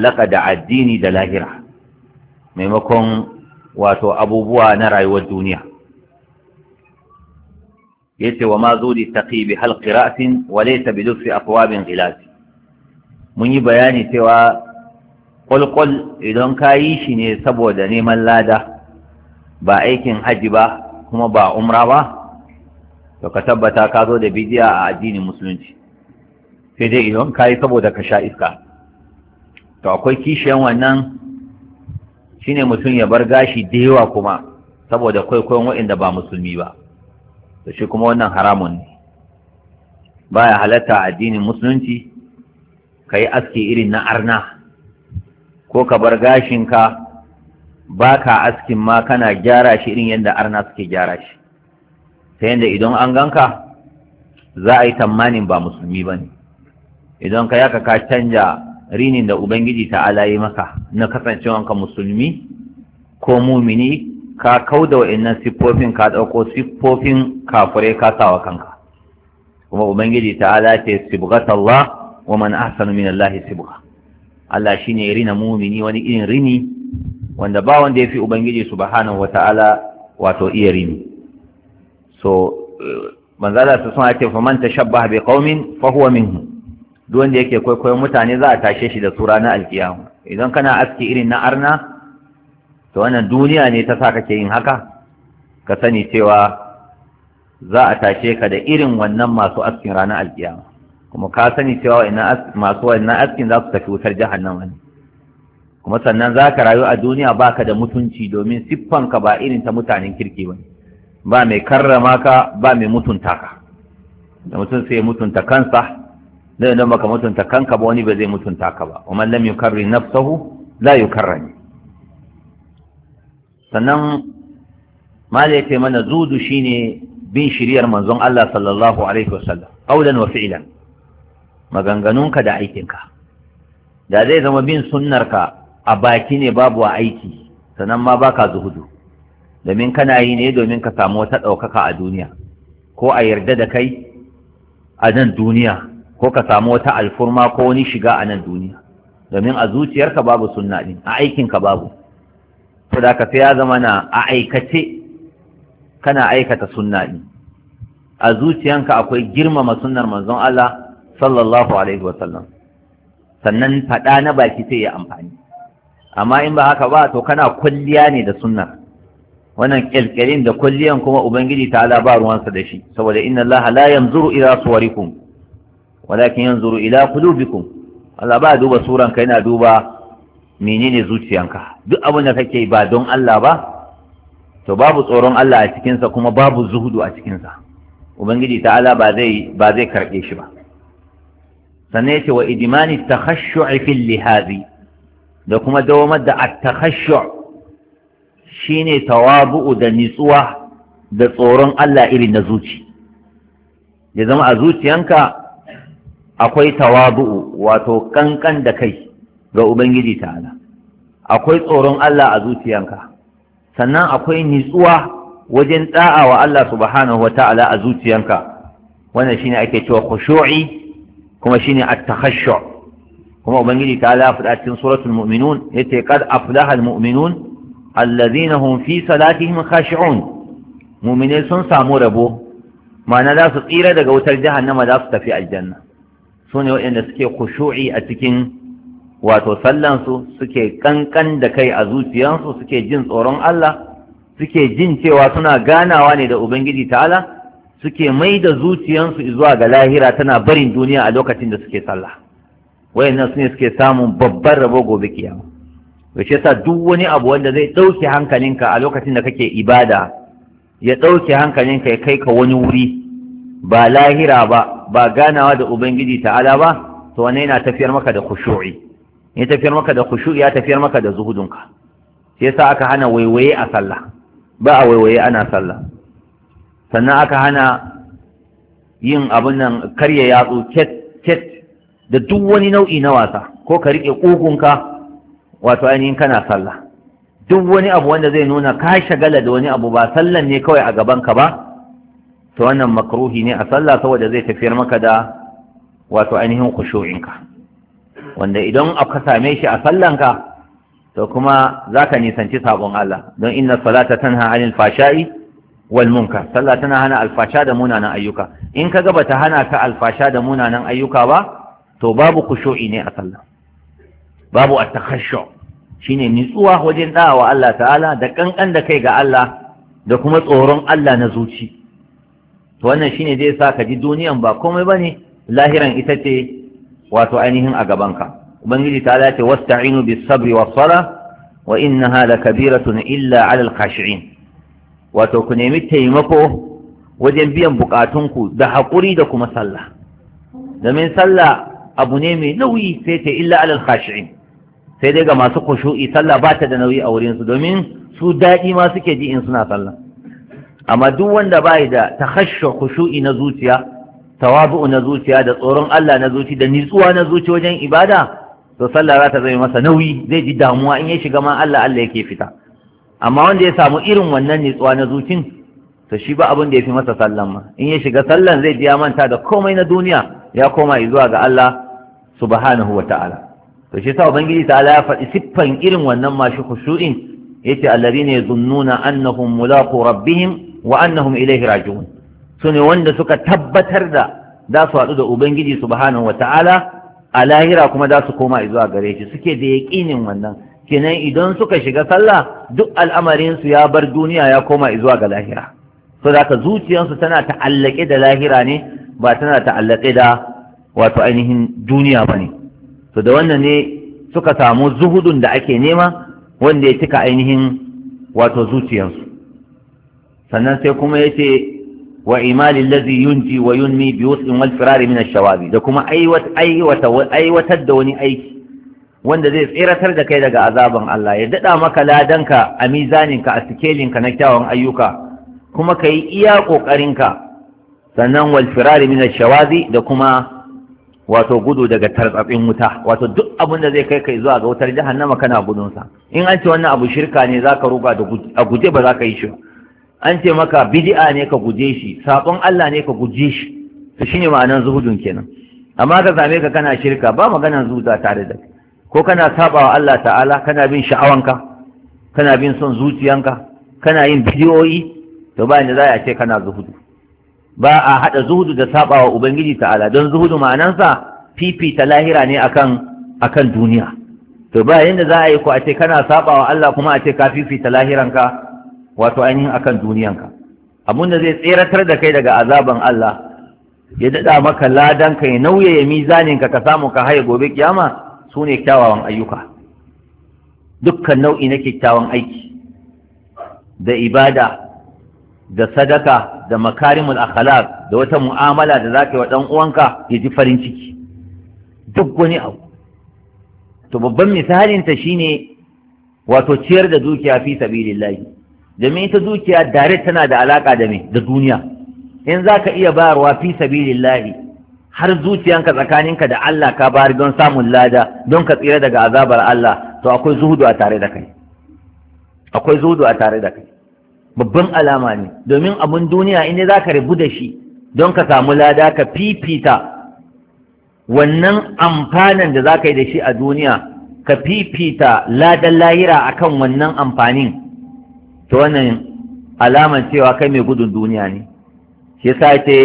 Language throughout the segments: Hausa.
laka da addini da lahira maimakon wato abubuwa na rayuwar duniya yace wa ma zuri taqi bi hal ra'sin wa laysa bi lutfi aqwabin ghilaz mun yi bayani cewa kwalkwal, idan ka yi shi ne saboda neman lada ba aikin haji ba kuma ba umra ba to ka tabbata ka zo da bidiya a addinin musulunci sai dai idan ka yi saboda ka sha iska to akwai kishiyan wannan shine mutum ya bar gashi da yawa kuma saboda kwaikwayon waɗanda ba musulmi ba to shi kuma wannan haramun ne baya halatta addinin musulunci ka yi aski irin na arna ko ka bar gashinka ba ka askin ma kana gyara shi irin yadda arna suke gyara shi ta yadda idan an ganka za a yi tamanin ba musulmi ba ne idan ka yaka ka canja rinin da ubangiji ta'ala yi maka na kasancewanka musulmi ko mumini ka kauda wa'annan siffofin ka ɗauko siffofin kafure ka sawa kanka kuma ubangiji ta'ala ce sibghat Allah wa man ahsanu min Allah sibgha Allah shine rina mumini wani irin rini wanda ba wanda fi ubangiji subhanahu wata'ala wato iya rini so eh, manzala su sun ce faman tashabbaha bi qaumin fa huwa minhum duk wanda yake kwaikwayon mutane za a tashe shi da su ranar alkiyama idan kana aski irin na arna to wannan duniya ne ta sa kake yin haka ka sani cewa za a tashe ka da irin wannan masu askin ranar alkiyama kuma ka sani cewa masu wannan askin za su tafi wutar jahannama ne kuma sannan za ka rayu a duniya baka da mutunci domin siffanka ba irin ta mutanen kirki ba ba mai karrama ka ba mai mutunta ka da mutum sai mutunta kansa zai don ka mutunta kanka ba wani ba zai mutunta ka ba umar lam yukarri nafsahu la yukarrani sannan malai ce mana zudu shine bin shiriyar manzon Allah sallallahu alaihi wasallam qaulan wa fi'lan maganganunka da aikinka da zai zama bin sunnar ka a baki ne babu a aiki sannan ma baka zuhudu domin kana yi ne domin ka samu wata ɗaukaka a duniya ko a yarda da kai a nan duniya ko ka samu wata alfurma ko wani shiga a nan duniya domin a zuciyarka babu sunna din a aikinka babu to da ka sai ya zama na a aikace kana aikata sunna din a zuciyanka akwai girmama sunnar manzon Allah sallallahu alaihi wa sallam sannan fada na baki sai ya amfani amma in ba haka ba to kana kulliya ne da sunnar wannan kyalkyalin da kulliyan kuma ubangiji ta ala ba ruwansa da shi saboda inna allaha la yanzuru ila suwarikum walakin yanzuru ila qulubikum Allah ba duba suranka yana duba menene zuciyanka duk abin da kake ba don Allah ba to babu tsoron Allah a cikinsa kuma babu zuhudu a cikinsa ubangiji ta'ala ba zai ba zai karbe shi ba sannan yace wa idmani takhashshu'i fil lihazi da kuma dawamar da at-takhashshu' shine tawabu'u da nitsuwa da tsoron Allah irin na zuci ya zama a zuciyanka akwai tawadu'u wato kankan da kai ga ubangiji ta'ala akwai tsoron Allah a zuciyanka sannan akwai nitsuwa wajen da'a wa Allah subhanahu wa ta'ala a zuciyanka wannan shine ake cewa khushu'i kuma shine at-takhashshu kuma ubangiji ta ala fada suratul mu'minun yace qad aflaha al-mu'minun alladhina hum fi salatihim khashi'un mu'minai sun samu rabo ma'ana za su tsira daga wutar jahannama za su tafi aljanna su ne waɗanda suke kushu'i a cikin wato sallansu suke kankan da kai a zuciyansu suke jin tsoron Allah suke jin cewa suna ganawa ne da Ubangiji ta'ala suke mai da zuciyansu zuwa ga lahira tana barin duniya a lokacin da suke sallah wayannan su ne suke samun babban rabo gobe kiyama yaushe yasa duk wani abu wanda zai ɗauke hankalinka a lokacin da kake ibada ya ɗauke hankalinka ya kai ka wani wuri ba lahira ba ba ganawa da ubangiji ta'ala ba to wannan yana tafiyar maka da khushu'i ya tafiyar maka da khushu'i ya tafiyar maka da zuhudunka sai yasa aka hana waiwaye a sallah ba a waiwaye ana sallah sannan aka hana yin abin nan karya yatsu ket ket da duk wani nau'i na wasa ko ka rike kugunka wato ainihin kana sallah duk wani abu wanda zai nuna ka shagala da wani abu ba sallan ne kawai a gaban ka ba to wannan makaruhi ne a sallah saboda zai tafiyar maka da wato ainihin kushu'inka wanda idan aka same shi a sallanka to kuma za ka nisanci sabon Allah don inna salata tana anil fashai wal munkar sallah tana hana alfasha da munanan ayyuka in ka gaba ta hana ka alfasha da munanan ayyuka ba to babu kushu'i ne a sallah babu at-takhashshu shine nitsuwa wajen da'awa Allah ta'ala da kankan da kai ga Allah da kuma tsoron Allah na zuci to wannan shine zai sa ka ji duniyan ba komai bane lahiran ita ce wato ainihin a gabanka ubangiji ta dace wasta'inu bis sabri was sala wa innaha lakabiratun illa 'ala al khashi'in wato ku nemi taimako wajen biyan bukatunku da hakuri da kuma sallah domin sallah abu ne mai nauyi sai ta illa 'ala al khashi'in sai dai ga masu kushu'i sallah ba ta da nauyi a wurinsu domin su daɗi ma suke ji in suna sallah amma duk wanda ba da takhashshu khushu'i na zuciya tawabu na zuciya da tsoron Allah na zuci da nitsuwa na zuci wajen ibada to sallah za ta zama masa nauyi zai ji damuwa in ya shiga ma Allah Allah yake fita amma wanda ya samu irin wannan nitsuwa na zucin to shi ba abin da ya fi masa sallan ma in ya shiga sallan zai ji ya manta da komai na duniya ya koma zuwa ga Allah subhanahu wa ta'ala to shi sa ubangiji ya faɗi siffan irin wannan mashi khushu'in yace allazina yazunnuna annahum mulaqu rabbihim wa annahum ilaihi raji'un su ne wanda suka tabbatar da za su haɗu da ubangiji subhanahu wata'ala a lahira kuma za su koma zuwa gare shi suke da yaƙinin wannan kenan idan suka shiga sallah duk al'amarin su ya bar duniya ya koma zuwa ga lahira so da zuciyarsu tana ta'allake da lahira ne ba tana ta'allake da wato ainihin duniya ba ne to da wannan ne suka samu zuhudun da ake nema wanda ya cika ainihin wato zuciyarsu sannan sai kuma yace wa imali lazi yunji wa yunmi bi wus'in wal firari min ash-shawabi da kuma aiwatar da wani aiki wanda zai tsiratar da kai daga azaban Allah ya dada maka ladanka a mizaninka a sikelinka na kyawun ayyuka kuma ka yi iya ƙoƙarinka sannan wal firari min ash-shawabi da kuma wato gudu daga tartsatsin wuta wato duk abin da zai kai kai zuwa ga wutar jahannama kana gudunsa in an ce wannan abu shirka ne zaka ruga da a guje ba za ka yi shi ba an ce maka bid'a ne ka guje shi saƙon Allah ne ka guje shi to shine ma'anar zuhudun kenan amma ka same ka kana shirka ba maganar zuhuda tare da ko kana sabawa Allah ta'ala kana bin sha'awanka kana bin son zuciyanka kana yin bidiyoyi to ba inda za a ce kana zuhudu ba a haɗa zuhudu da sabawa ubangiji ta'ala don zuhudu ma'anansa fifita lahira ne akan akan duniya to ba yanda za a yi ko a ce kana sabawa Allah kuma a ce ka fifita lahiranka wato ainihin akan duniyanka abun da zai tseratar da kai daga azaban Allah ya dada maka ladan ka ya nauye ya mizanin ka ka samu ka haye gobe kiyama sune kyawawan ayyuka dukkan nau'i na kyawawan aiki da ibada da sadaka da makarimul akhlaq da wata mu'amala da zaka yi wa dan uwanka ya ji farin ciki duk wani abu to babban misalin ta shine wato ciyar da dukiya fi sabilillahi domin ita zuciya dare tana da alaka da me da duniya in za ka iya bayarwa fi sabilillahi har zuciyanka tsakaninka da Allah ka bayar don samun lada don ka tsira daga azabar Allah to akwai zuhudu a tare da kai akwai zuhudu a tare da kai babban alama ne domin abun duniya inda za ka rabu da shi don ka samu lada ka fifita wannan amfanin da za ka yi da shi a duniya ka fifita ladan lahira akan wannan amfanin Ta wannan alaman cewa kai mai gudun duniya ne shi yasa ce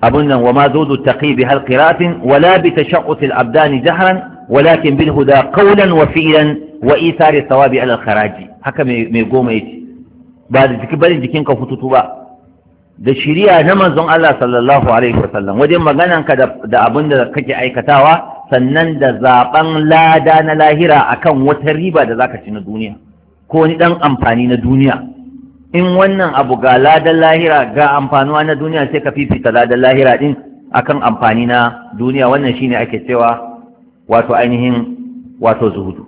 abun nan wa ma zuzu taqi bi hal qiratin wala bi tashaqqut al abdani jahran walakin bil huda qawlan wa fi'lan wa ithar al thawabi ala al kharaj haka mai goma yace ba da jiki barin jikin ka fututu ba da shiriya na manzon Allah sallallahu alaihi wasallam wajen maganan ka da abin da kake aikatawa sannan da zaben lada na lahira akan wata riba da zaka ci na duniya ko wani ɗan amfani na duniya in wannan abu ga ladan lahira ga amfanuwa na duniya sai ka fifita ladan lahira ɗin akan amfani na duniya wannan shine ake cewa wato ainihin wato zuhudu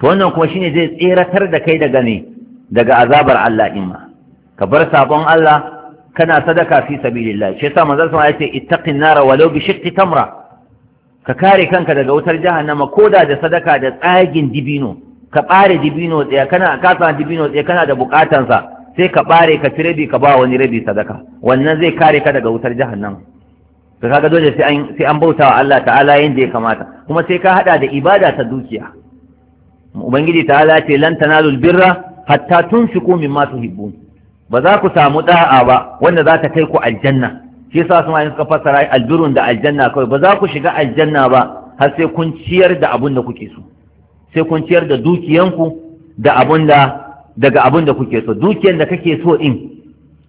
to wannan kuma shine zai tseratar da kai daga ne daga azabar Allah in ma ka bar sabon Allah kana sadaka fi sabilillah shi yasa manzon sa yace ittaqin nara walau bi shiqqi tamra ka kare kanka daga wutar jahannama koda da sadaka da tsagin dibino ka ɓare dibino tsaya kana ka samu dibino tsaya kana da bukatansa sai ka ɓare ka ci rabi ka ba wani rabi sadaka wannan zai kare ka daga wutar jahannama to kaga dole sai an sai an bauta wa Allah ta'ala yanda ya kamata kuma sai ka hada da ibada ta dukiya ubangiji ta'ala ce lan tanalul birra hatta tunfiqu mimma tuhibbun ba za ku samu da'a ba wanda za ta kai ku aljanna shi yasa su mai suka fassara albirun da aljanna kawai ba za ku shiga aljanna ba har sai kun ciyar da abun da kuke so sai kun ciyar da dukiyanku da da daga abin da kuke so dukiyan da kake so in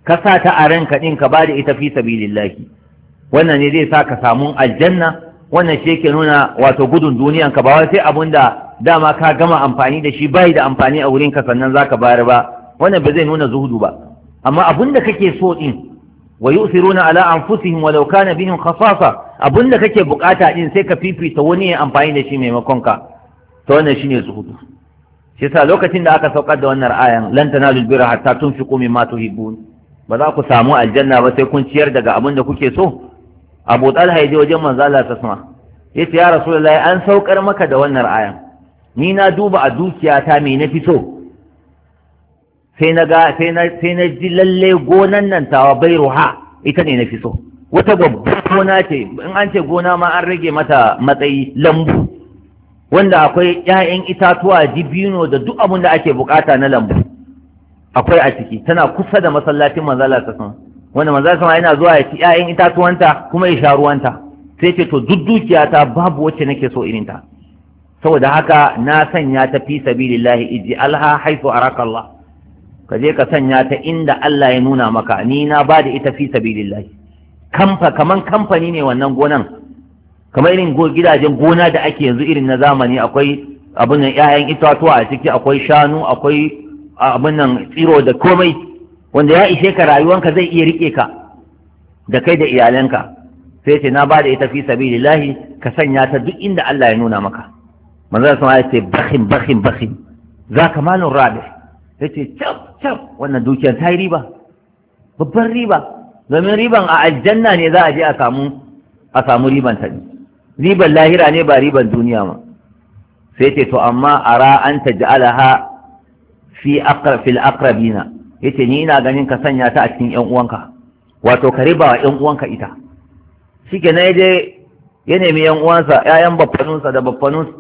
ka sa ta a ranka din ka bada ita fi sabilillahi wannan ne zai sa ka samu aljanna wannan shi yake nuna wato gudun duniyan ka ba wai sai abun da dama ka gama amfani da shi bai da amfani a wurin ka sannan zaka bayar ba wannan ba zai nuna zuhudu ba amma abin da kake so din wa yu'thiruna ala anfusihim walau kana bihim khasasa Abin da kake bukata din sai ka fifita wani ya amfani da shi maimakon ka to wannan shine zuhudu shi yasa lokacin da aka saukar da wannan ayan lan tanalu birra hatta tunfiqu mimma tuhibbun ba za ku samu aljanna ba sai kun ciyar daga abin da kuke so Abu Talha ya je wajen manzo Allah ta sama yace ya Rasulullahi an saukar maka da wannan ayan ni na duba a dukiyata me na fi so sai na ga sai na sai na ji lalle gonan nan tawa bairuha ita ne na fi so wata babbar gona ce in an ce gona ma an rage mata matsayi lambu wanda akwai ‘ya'yan itatuwa dibino da duk abin da ake bukata na lambu akwai a ciki tana kusa da masallacin manzala ta sun wanda manzala sama yana zuwa ya ci ‘ya'yan itatuwanta kuma ya sha ruwanta sai ce to duk dukiyata babu wacce nake so irin ta saboda haka na sanya ta fi sabilillahi iji alha haifu arakallah ka je ka sanya ta inda Allah ya nuna maka ni na ba da ita fi sabilillahi kamfa kaman kamfani ne wannan gonan kamar irin gidajen gona da ake yanzu irin na zamani akwai abin nan ƴaƴan itatuwa a ciki akwai shanu akwai abin nan tsiro da komai wanda ya ishe ka rayuwanka zai iya rike ka da kai da iyalanka sai ce na ba da ita fi sabilillahi ka sanya ta duk inda Allah ya nuna maka manzon sama ya ce bakhin bakhin bakhin ka malun rabi ce chap chap wannan dukiyar ta yi riba babban riba domin riban a aljanna ne za a je a samu a samu riban ta ne riban lahira ne ba ribar duniya ma sai ce to amma ara an taj'alaha fi aqrab fil aqrabina yace ni ina ganin ka sanya ta a cikin yan uwanka wato ka riba wa yan uwanka ita shikenan yaje ya nemi yan uwansa yayan baffanunsa da baffanunsa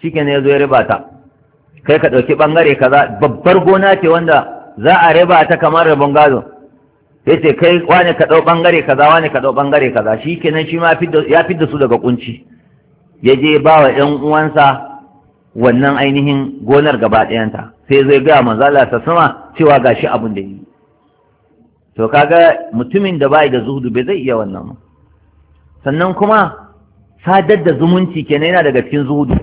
shikenan zo ya riba ta kai ka ɗauki bangare kaza babbar gona ce wanda za a riba ta kamar rabon gado ya ce kai wane ka ɗau ɓangare kaza wane ka ɗau ɓangare kaza shi kenan shi ma ya fidda su daga kunci ya je ba wa ‘yan uwansa wannan ainihin gonar gaba ɗayanta sai zai gaya manzala ta sama cewa ga shi abin da yi to kaga mutumin da bai da zuhudu bai zai iya wannan sannan kuma sadar da zumunci kenan yana daga cikin zuhudu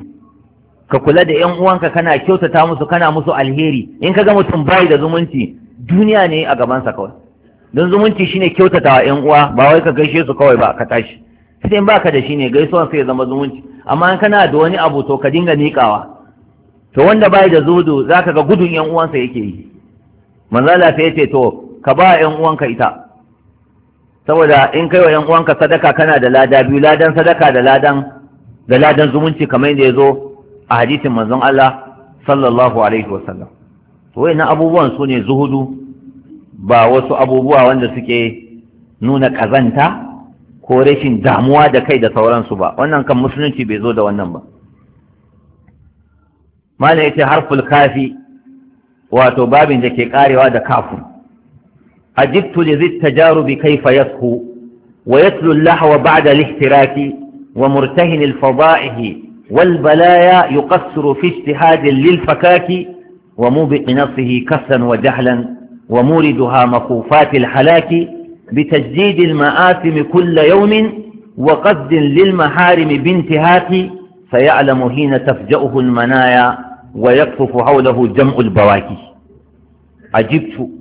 ka kula da ‘yan uwanka kana kyautata musu kana musu alheri in ka ga mutum bai da zumunci duniya ne a gabansa kawai don zumunci shine kyautata wa ƴan uwa ba wai ka gaishe su kawai ba ka tashi sai in baka da shi ne gaisuwan sai ya zama zumunci amma in kana da wani abu to ka dinga miƙawa to wanda bai da zudu zaka ga gudun ƴan uwansa yake yi manzo Allah sai yace to ka ba yan uwanka ita saboda in kai wa ƴan uwanka sadaka kana da lada biyu ladan sadaka da ladan da ladan zumunci kamar yadda ya zo a hadisin manzon Allah sallallahu alaihi wasallam to wayannan abubuwan su ne zuhudu ba wasu abubuwa wanda suke nuna kazanta ko rashin damuwa da kai da sauransu ba wannan kan musulunci bai zo da wannan ba mana yace harful kafi wato babin da ke karewa da kafu ajibtu li zit tajarubi kaifa yashu wa yatlu lahwa ba'da al-ihtiraki wa murtahin al-fada'ihi والبلايا lil fakaki wa للفكاك nafsihi kasan wa jahlan وموردها مخوفات الحلاك بتجديد المآثم كل يوم وقد للمحارم بانتهاك فيعلم حين تفجأه المنايا ويقطف حوله جمع البواكي عجبت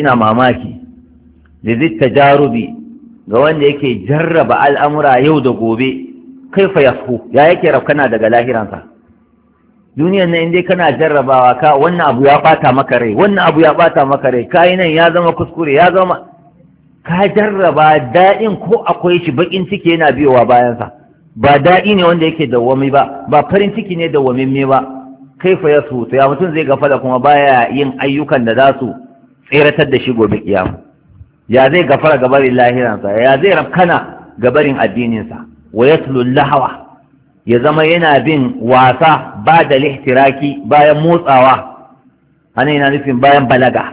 ina ماماكي لذي التجارب قوان يكي جرب الأمر jarraba al'amura كيف da يا يكي ربكنا yafu ya duniyan nan dai kana jarrabawa ka wannan abu ya bata maka rai wannan abu ya bata maka rai kai nan ya zama kuskure ya zama ka jarraba daɗin ko akwai shi bakin ciki yana biyowa bayansa ba daɗi ne wanda yake wami ba ba farin ciki ne da me ba kai fa ya su to ya mutum zai da kuma baya yin ayyukan da za su tseratar da shi gobe kiyama ya zai gafara gabarin lahiransa ya zai rafkana gabarin addininsa wa yaslu lahawa ya zama yana bin wasa ba da lihtiraki bayan motsawa ana yana nufin bayan balaga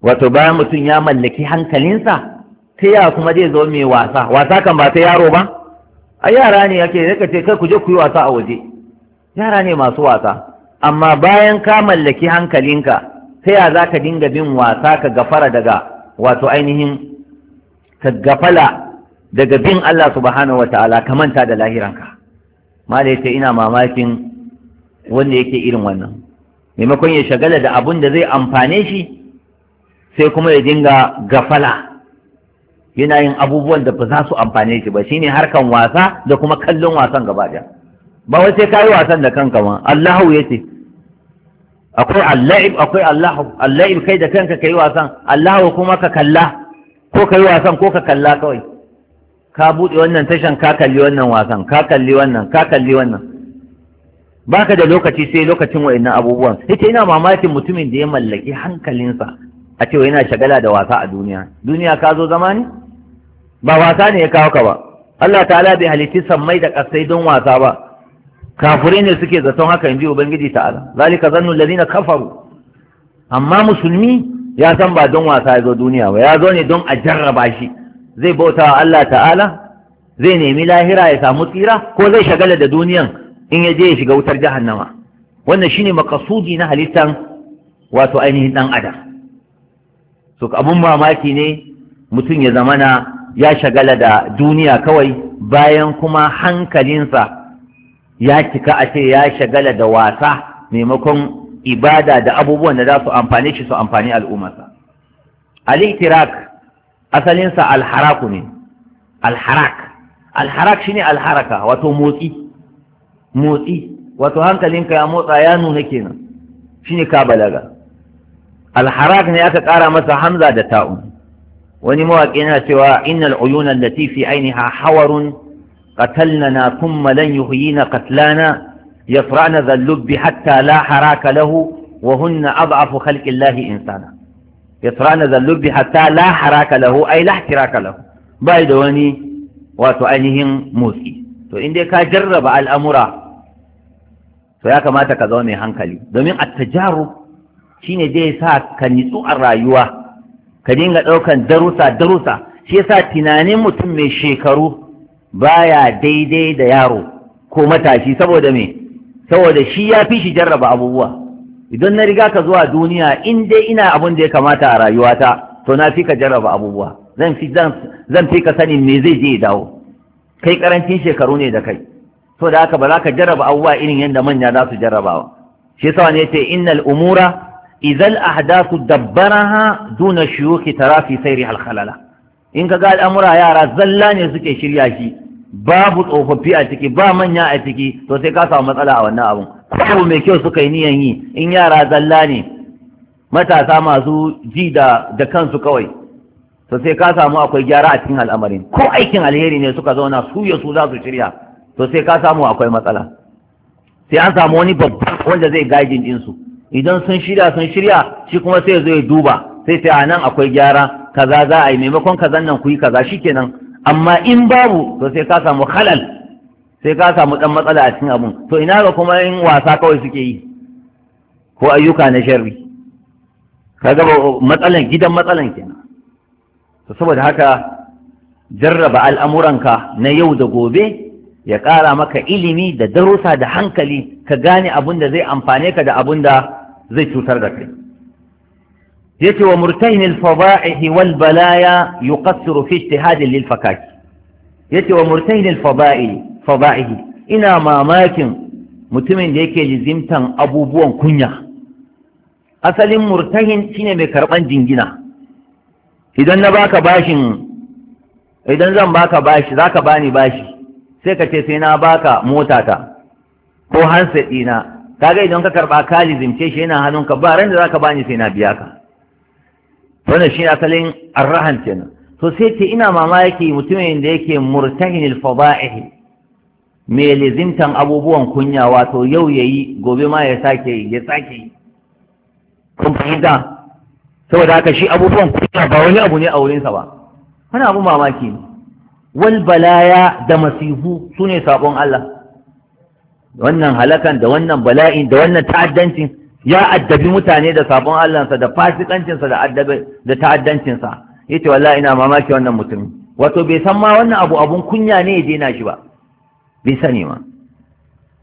wato bayan mutum ya mallaki hankalinsa ta ya kuma zai zo mai wasa wasa kan ba ta yaro ba a yara ne yake zaka ce kai ku je ku yi wasa a waje yara ne masu wasa amma bayan ka mallaki hankalinka ta ya za ka dinga bin wasa ka gafara daga wato ainihin ka gafala daga bin Allah subhanahu ta’ala ka manta da lahiranka mala yace ina mamakin wanda yake irin wannan maimakon ya shagala da abun da zai amfane shi sai kuma ya dinga gafala yana yin abubuwan da ba za su amfane shi ba shine harkan wasa da kuma kallon wasan gaba ba wai sai yi wasan da kanka ma Allahu ce. akwai allaib akwai allahu allaib kai da kanka kai wasan allahu kuma ka kalla ko kai wasan ko ka kalla kawai ka buɗe wannan tashan ka kalli wannan wasan ka kalli wannan ka kalli wannan baka da lokaci sai lokacin wa'annan abubuwan yace ina mamakin mutumin da ya mallaki hankalinsa a cewa yana shagala da wasa a duniya duniya ka zo zama ne ba wasa ne ya kawo ka ba Allah ta'ala bai halitti sammai da ƙasai don wasa ba Kafure ne suke zaton haka in ji ubangiji ta'ala zalika zannu allazina kafaru amma musulmi ya san ba don wasa ya zo duniya ba ya zo ne don a jarraba shi zai bauta wa Allah ta'ala zai nemi lahira ya samu tsira ko zai shagala da duniyan in ya je ya shiga wutar jahannama wannan shine makasudi na halittan wato ainihin dan adam so abun mamaki ne mutum ya zamana ya shagala da duniya kawai bayan kuma hankalinsa ya cika a ce ya shagala da wasa maimakon ibada da abubuwan da za su amfane shi su amfani al'ummarsa al'itirak asalinsa alharaku ne alharak alharak shine alharaka wato motsi motsi wato hankalinka ya motsa ya nuna kenan shine ka balaga alharak ne aka ƙara masa hamza da ta'un wani mawaƙi yana cewa innal uyuna allati fi ainiha hawarun qatalna thumma lan yuhyina qatlana yafra'na dhal hatta la haraka lahu wa hunna ad'afu khalqi allahi insana yatrana zallubi hatta la haraka lahu ai la bai da wani wato ainihin motsi to in dai ka jarraba al'amura to ya kamata ka zama mai hankali domin at-tajarrub shine zai sa ka nitsu a rayuwa ka dinga ɗaukan darusa darusa shi yasa tunanin mutum mai shekaru baya daidai da yaro ko matashi saboda me saboda shi ya fishi jarraba abubuwa idan na riga ka zuwa duniya in dai ina abin da ya kamata a rayuwata to na fi ka jarraba abubuwa zan fi ka sanin me zai je ya dawo kai karancin shekaru ne da kai to da haka ba za ka jarraba abubuwa irin yadda manya za su jarrabawa shi yasa ne yace innal umura idzal ahdathu dabbaraha duna shuyukhi tara fi sayri al khalala in ka ga al'amura yara zalla ne suke shirya shi babu tsofaffi a ciki ba manya a ciki to sai ka samu matsala a wannan abun abu mai kyau suka yi niyan yi in yara zalla ne matasa masu ji da kansu kawai to sai ka samu akwai gyara a cikin al'amarin ko aikin alheri ne suka zauna su ya su za su shirya to sai ka samu akwai matsala sai an samu wani babba wanda zai gajin ɗinsu idan sun shirya sun shirya shi kuma sai zo ya duba sai sai a nan akwai gyara kaza za a yi maimakon kazan nan ku yi kaza shikenan amma in babu to sai ka samu halal sai ka samu ɗan matsala a cikin abun to ina ga kuma in wasa kawai suke yi ko ayyuka na sharri ka gaba matsalan gidan matsalan kenan to saboda haka jarraba al'amuranka na yau da gobe ya ƙara maka ilimi da darusa da hankali ka gane abun da zai amfane ka da abun da zai cutar da kai yake wa murtahinil fada'ihi wal balaya yuqassiru fi ijtihadin lil fakaki yake wa murtahinil fada'i fada'ihi ina mamakin mutumin da yake lizimtan abubuwan kunya asalin murtahin shine mai karban jingina idan na baka bashin idan zan baka bashi zaka bani bashi sai ka ce sai na baka motata ko hansa ɗina kaga idan ka karba ka lizimce shi yana hannunka ba ran da zaka bani sai na biya ka wannan shine asalin arrahan kenan to sai ce ina mamaki mutumin da yake murtahin alfada'ihi mai lizimtan abubuwan kunya wato yau ya yi gobe ma ya sake yi ya sake yi kun fahimta saboda haka shi abubuwan kunya ba wani abu ne a wurinsa ba wani abu mamaki ne wal balaya da masifu su ne sabon Allah wannan halakan da wannan bala'in da wannan ta'addancin ya addabi mutane da sabon Allahnsa da fasikancinsa da addabi da ta'addancinsa yace wallahi ina mamaki wannan mutum wato bai san ma wannan abu abun kunya ne ya daina shi ba bai sani ma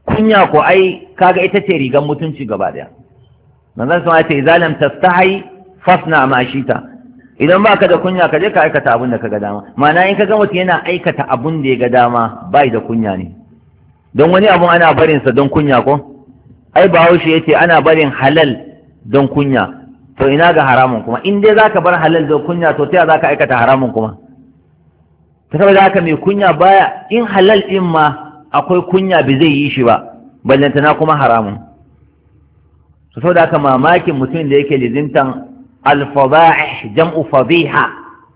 kunya ko ai kaga ita ce rigan mutunci gaba daya manzon sun ce idza lam tastahi fasna ma shita idan baka da kunya ka je ka aikata abun da ka ga dama ma'ana in ka ga mutum yana aikata abun da ya ga dama bai da kunya ne don wani abun ana barin sa don kunya ko ai bahaushe yace ana barin halal don kunya to ina ga haramun kuma in dai zaka bar halal don kunya to ta zaka aikata haramun kuma ta saboda haka mai kunya baya in halal din ma akwai kunya bai zai yi shi ba ballantana kuma haramun su sau da haka mamakin mutum da yake lizimtan alfaba'ih jam'u fadiha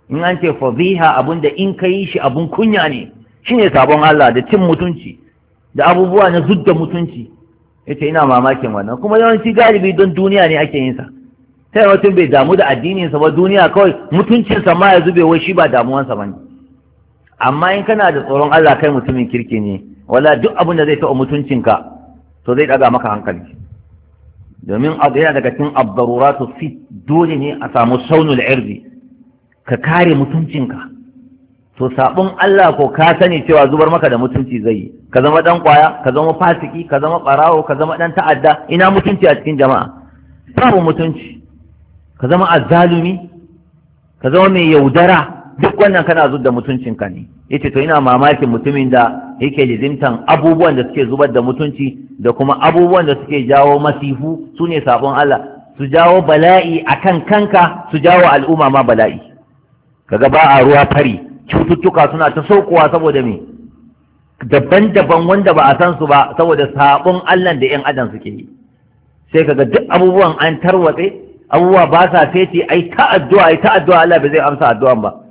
in an ce fadiha abun da in ka yi shi abun kunya ne shine sabon Allah da cin mutunci da abubuwa na zudda mutunci yace ina mamakin wannan kuma yawanci galibi don duniya ne ake yin sa sai mutum bai damu da addininsa ba duniya kawai mutuncinsa ma ya zube wai shi ba damuwansa ba ne amma in kana da tsoron Allah kai mutumin kirki ne wala duk abin da zai taɓa mutuncinka to zai ɗaga maka hankali domin abu yana daga cikin abdaruratu fi dole ne a samu saunul irzi ka kare mutuncinka to sabon Allah ko ka sani cewa zubar maka da mutunci zai yi ka zama dan kwaya ka zama fasiki ka zama barawo ka zama dan ta'adda ina mutunci a cikin jama'a babu mutunci ka zama azzalumi ka zama mai yaudara duk wannan kana zub da mutuncinka ne yace to ina mamakin mutumin da yake lizimtan abubuwan da suke zubar da mutunci da kuma abubuwan da suke jawo masifu sune sabon Allah su jawo bala'i akan kanka su jawo al'umma ma bala'i kaga ba a ruwa fari cututtuka suna ta saukowa saboda me daban-daban wanda ba a san su ba saboda sabon Allah da 'yan adam suke yi sai kaga duk abubuwan an tarwatse abubuwa ba sa feti ai ta addu'a ai ta addu'a Allah ba zai amsa addu'an ba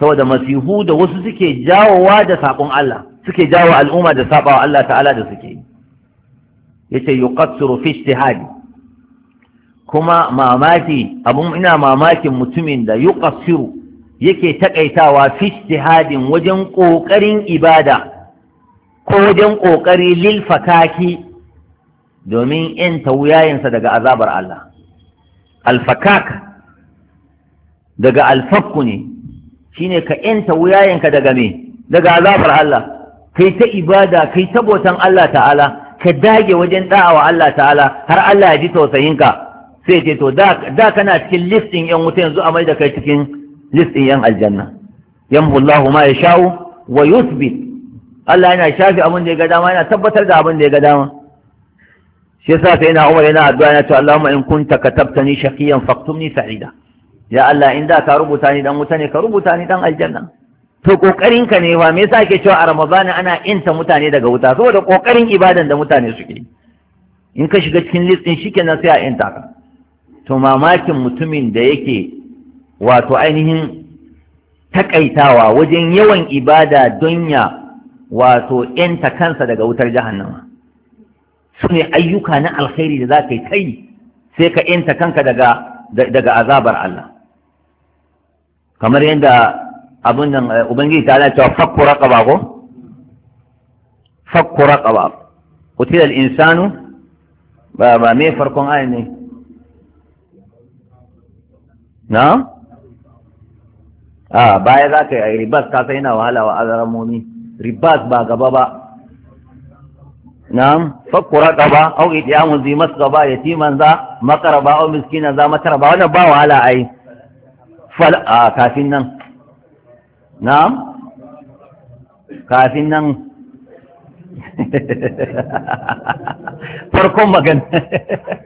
saboda masihu da wasu suke jawowa da sakon Allah suke jawo al'umma da sabawa Allah ta'ala da suke yi yace yuqassiru fi ijtihadi kuma mamaki abun ina mamakin mutumin da yuqassiru yake takaitawa fi ijtihadin wajen kokarin ibada ko wajen kokari lil domin in tawuyayinsa daga azabar Allah alfakak daga alfakku ne shine ka yanta wuyayenka daga me daga azabar Allah kai ta ibada kai ta botan Allah ta'ala ka dage wajen da'awa Allah ta'ala har Allah ya ji tausayinka sai ce to da kana cikin listin yan wuta yanzu a mai da kai cikin listin yan aljanna Yan Allahu ma yasha'u wa yuthbit Allah yana shafi abin da ya ga dama yana tabbatar da abin da ya ga dama shi yasa sai na Umar yana addu'a yana cewa Allahumma in kunta katabtani shaqiyan faqtumni sa'ida ya Allah in da ka rubuta ni dan wuta ne ka rubuta ni dan aljanna to kokarin ka ne wa me yasa ake cewa a ramadana ana inta mutane daga wuta saboda kokarin ibadan da mutane suke in ka shiga cikin list din shikenan sai a inta ka to mamakin mutumin da yake wato ainihin takaitawa wajen yawan ibada don ya wato yanta kansa daga wutar jahannama su ne ayyuka na alkhairi da za ka yi kai sai ka yanta kanka daga azabar Allah kamar yadda abin nan eh, ubangiji ta ala cewa fakku raqaba ko fakku raqaba qutila al-insanu ba ba me farkon ayi ne na a baya za ka yi ribas ka sai na wahala wa azara azaramomi ribas ba gaba ba na'am fakku raqaba au itiyamu zi masqaba yatiman za makaraba au miskina za mataraba wannan ba wahala ai fal a kafin nan na'am kafin nan farkon magana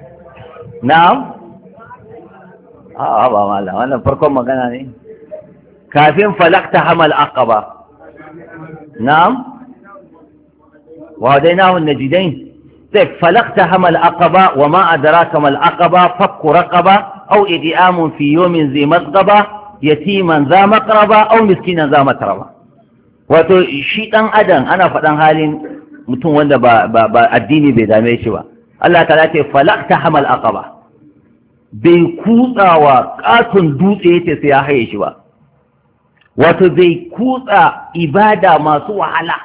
na'am a ba mala wannan farkon magana ne kafin falakta hamal aqaba na'am wa hadainahu najidain sai falakta hamal aqaba wa ma adraka mal aqaba fakku raqaba أو إدئام في يوم ذي مسغبة يتيما ذا مقربة أو مسكينا ذا متربة wato shi ɗan adam ana faɗan halin mutum wanda ba addini bai dame shi ba Allah ta ce falakta hamal aqaba bai kutsawa katon dutse yace sai ya haye shi ba wato bai kutsa ibada masu wahala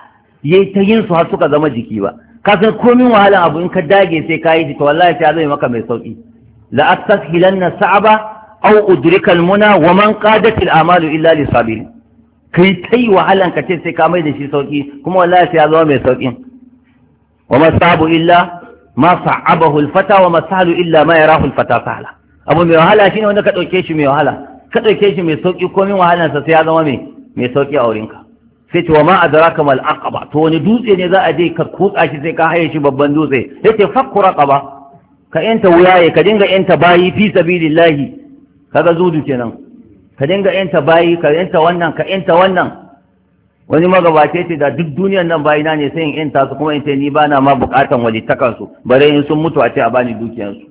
yayi ta yin su har suka zama jiki ba kasan komin wahalan abu in ka dage sai ka yi jiki wallahi sai zai maka mai sauki لأستسهلن الصعب أو أدرك المنى ومن قادت الأعمال إلا لصابر كي تي وعلا كتير سيكامي دي شي سوكي كما والله سيادوا مي سوكي وما الصعب إلا ما صعبه الفتى وما سهل إلا ما يراه الفتى سهلا أبو مي وهلا شنو وأنا كتوكيش مي وهلا كتوكيش مي سوكي كومي وهلا سيادوا مي مي سوكي أورينكا sai ce wa ma a zara kamar aqaba to wani dutse ne za a je ka kutsa shi sai ka haye shi babban dutse ya ce fakku raqaba ka yanta wuyaye ka dinga yanta bayi fi sabilillahi kaga zudu kenan ka dinga yanta bayi ka yanta wannan ka yanta wannan wani magabace ce da duk duniyar nan bayina ne sai in yanta su kuma in ce ni ba na ma bukatan takan su bare in sun mutu a ce a bani dukiyar su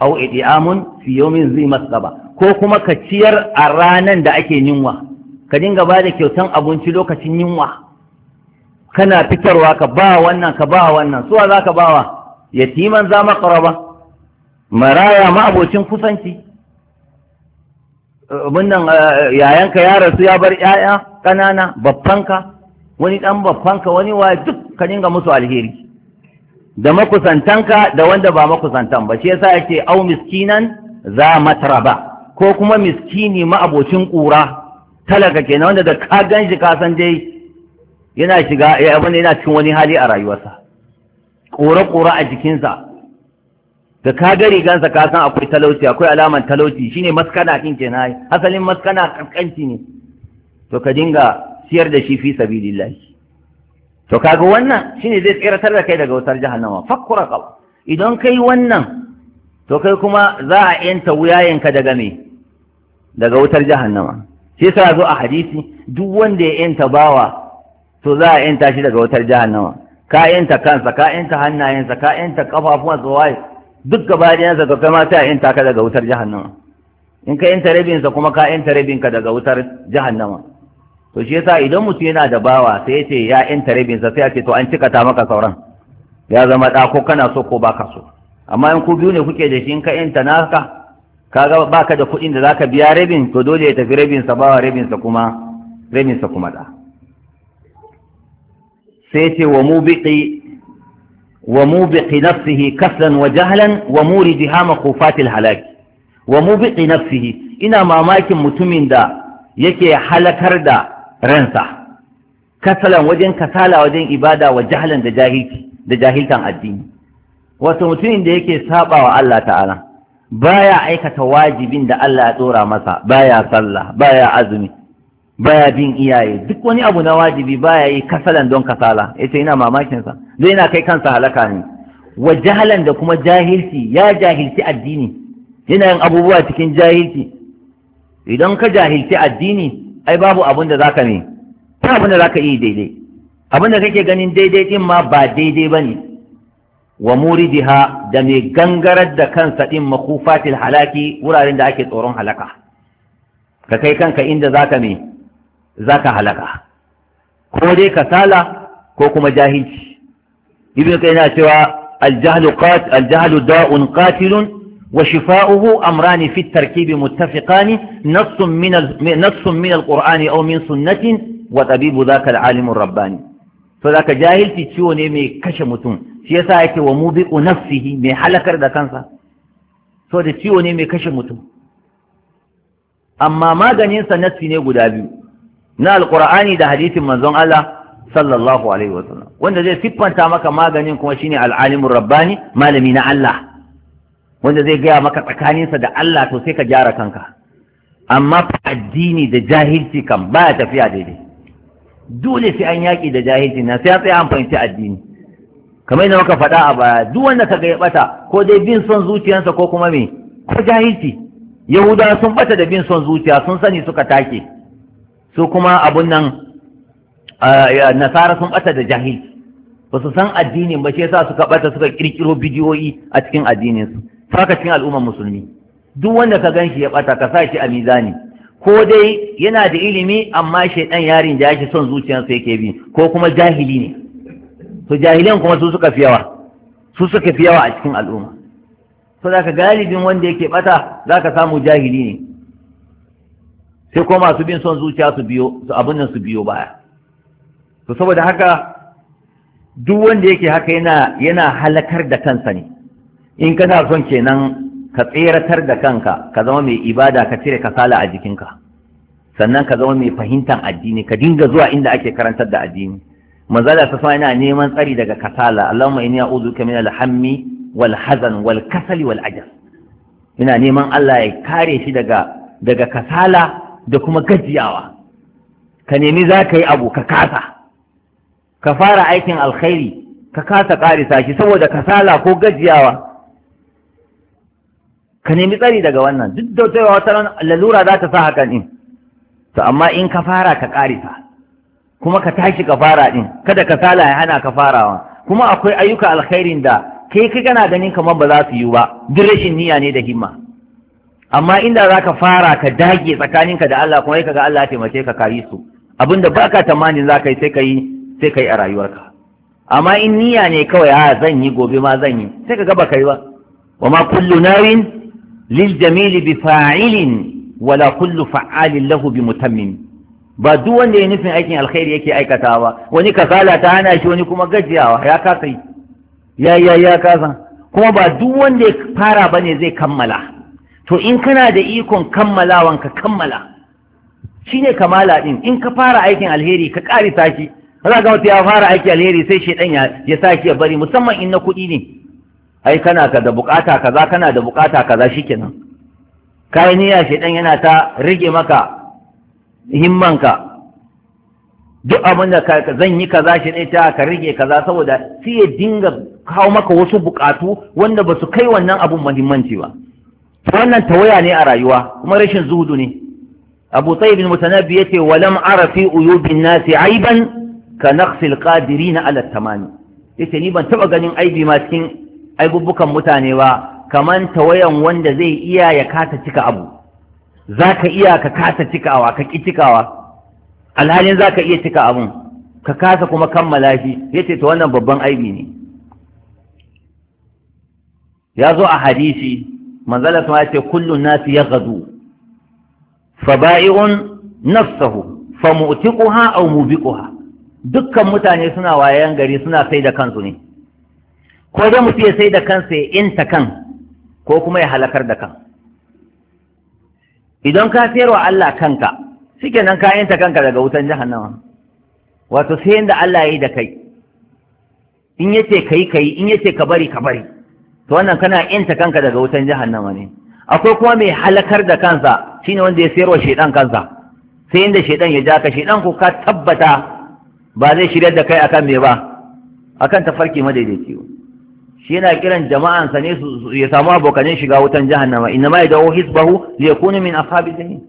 au idiamun fi yawmin zai masqaba ko kuma ka ciyar a ranan da ake yunwa ka dinga ba da kyautan abinci lokacin yunwa kana fitarwa ka ba wannan ka ba wannan suwa za ka bawa yatiman za maqraba maraya ma'abocin kusanci munnan eh, yayanka ya rasu ya bar ƴaƴa ƙanana babbanka wani ɗan babbanka wani wa duk ka dinga musu alheri da makusantanka da wanda ba makusantan ba shi yasa yake au miskinan za matraba ko kuma miskini ma'abocin ƙura talaka kenan wanda da ka gan shi ka san dai yana shiga eh, yana cikin wani hali a rayuwarsa ƙore-ƙore a jikinsa da ka ga rigansa ka san akwai talauci akwai alamar talauci shine maskana din na asalin maskana kaskanci ne to ka dinga siyar da shi fi sabilillah to kaga wannan shine zai tsiratar da kai daga wutar jahannama fakkura qal idan kai wannan to kai kuma za a yanta wuyayenka daga me daga wutar jahannama shi yasa zo a hadisi duk wanda ya yanta bawa to za a yanta shi daga wutar jahannama ka'yanta kansa ka'inta hannayensa ka'inta kafafuwan tsawaye duk gaba ɗayansa ka kai ma sai a yanta ka daga wutar jahannama in ka yanta rabinsa kuma ka yanta rabinka daga wutar jahannama to shi yasa idan mutum yana da bawa sai ya ce ya yanta rabinsa sai a ce to an cika ta maka sauran ya zama ɗa ko kana so ko baka so amma in ku biyu ne kuke da shi in ka yanta naka kaga baka da kuɗin da zaka biya rabin to dole ya tafi rabinsa bawa rabinsa kuma rabinsa kuma ɗa sai ce wa mubiqi wa mubiqi nafsihi kaslan wa jahlan wa muriji ko kufatil halaki wa mubiqi nafsihi ina mamakin mutumin da yake halakar da ransa kasalan wajen kasala wajen ibada wa jahlan da jahilci da jahiltan addini wato mutumin da yake saba wa Allah ta'ala baya aikata wajibin da Allah ya tsora masa baya sallah baya azumi baya bin iyaye duk wani abu na wajibi baya yi kasalan don kasala yace ina mamakin sa zai na kai kansa halaka ne wa jahalan da kuma jahilci ya jahilci addini yana yin abubuwa cikin jahilci idan ka jahilci addini ai babu abin da zaka ne ta abin da zaka yi daidai abin da kake ganin daidai din ma ba daidai bane wa muridiha da mai gangarar da kansa din makufatil halaki wuraren da ake tsoron halaka ka kai kanka inda zaka ne za ka halaka ko dai kasala ko kuma jahilci ibn kai yana cewa aljahlu qat aljahlu da'un qatilun wa shifa'uhu amrani fi tarkibi muttafiqani nassun min nassun min alqur'ani aw min sunnatin wa tabibu zaka alalimu rabbani to zaka jahilci ciwo ne mai kashe mutum shi yasa yake wa mubiqu nafsihi mai halakar da kansa so da ciwo ne mai kashe mutum amma maganinsa nassi ne guda biyu na alqur'ani da hadisin manzon Allah sallallahu alaihi sallam wanda zai siffanta maka maganin kuma shine al'alimur rabbani malami na Allah wanda zai gaya maka tsakaninsa da Allah to sai ka gyara kanka amma addini da jahilci kan baya tafiya daidai dole sai an yaki da jahilci na sai tsaya an fahimci addini kamar yadda muka faɗa a baya duk wanda ka ga ya bata ko dai bin son zuciyarsa ko kuma me ko jahilci yahudawa sun bata da bin son zuciya sun sani suka take su kuma abun nan nasara sun bata da jahili ba su san addinin ba shi yasa suka bata suka kirkiro bidiyoyi a cikin addinin su saka cikin al'ummar musulmi duk wanda ka gan shi ya bata ka sa shi a mizani ko dai yana da ilimi amma shaidan yarin da yake son zuciyarsa yake bi ko kuma jahili ne to jahilan kuma su suka fi yawa su suka fi yawa a cikin al'umma saboda ka galibin wanda yake bata zaka samu jahili ne sai ko masu bin son zuciya su biyo su abin nan su biyo baya to saboda haka duk wanda yake haka yana yana halakar da kansa ne in kana son kenan ka tseratar da kanka ka zama mai ibada ka cire kasala a jikinka sannan ka zama mai fahimtar addini ka dinga zuwa inda ake karantar da addini manzala ta sama yana neman tsari daga kasala Allahumma inni a'udhuka min alhammi hammi wal hazan wal kasali wal ajal ina neman Allah ya kare shi daga daga kasala da kuma gajiyawa ka nemi za ka yi abu ka kasa ka fara aikin alkhairi ka kasa karisa shi saboda kasala ko gajiyawa ka nemi tsari daga wannan duk da cewa wata lalura za ta sa haka ɗin to amma in ka fara ka karisa, kuma ka tashi ka fara din kada kasala ya hana ka farawa kuma akwai ayyuka alkhairin da kai kai kana ganin kamar ba za su yi ba duk rashin niyya ne da himma amma inda za ka fara ka dage tsakaninka da Allah kuma ka ga Allah ya taimake ka kayi su abinda baka tamanin za ka yi sai ka yi sai ka yi a rayuwarka amma in niyya ne kawai a zan yi gobe ma zan yi sai ka ga baka yi ba wa ma kullu nawin lil jamil bi fa'ilin wala kullu fa'alin lahu bi mutammim ba duk wanda ya nufin aikin alkhairi yake aikatawa wani kasala ta hana shi wani kuma gajiyawa ya kasa yi ya ya ya kasa kuma ba duk wanda ya fara bane zai kammala to in kana da ikon kammalawan ka kammala shine kamala din in ka fara aikin alheri ka ƙari ba za ga wata ya fara aiki alheri sai shedan ya ya saki ya bari musamman in na kuɗi ne ai kana ka da bukata kaza kana da bukata kaza shikenan kai niyya shedan yana ta rage maka himmanka duk abin da zan yi kaza shi ne ta ka rage kaza saboda sai ya dinga kawo maka wasu bukatu wanda ba su kai wannan abun muhimmanci ba wannan tawaya ne a rayuwa kuma rashin zuhudu ne abu tayyib mutanabbi yace walam ara fi uyubin nasi aiban ka naqsil qadirin ala tamani ce ni ban taba ganin aibi ma cikin aibubbukan mutane ba kaman tawayan wanda zai iya ya kasa cika abu zaka iya ka kasa cikawa ka ki cikawa alhalin zaka iya cika abun ka kasa kuma kammala shi yace to wannan babban aibi ne ya zo a hadisi manzala sama ce kullu nasi yaghdu fa ba'i'un nafsahu fa mu'tiquha aw mubiquha dukkan mutane suna wayan gari suna sai da kansu ne ko da mutum ya sai da kansa ya inta kan ko kuma ya halakar da kan idan ka sayarwa Allah kanka shikenan ka inta kanka daga wutan jahannama wato sai yanda Allah ya yi da kai in yace kai kai in yace ka bari ka bari to wannan kana inta kanka daga wutan jahannama ne akwai kuma mai halakar da kansa shine wanda ya sayarwa shedan kansa sai inda shedan ya ja ka shedan ko ka tabbata ba zai shirya da kai akan me ba akan tafarki madaidaici shi yana kiran jama'an sa ne ya samu abokanin shiga wutan jahannama inna ma yadawu hisbahu li yakunu min ashabi jahim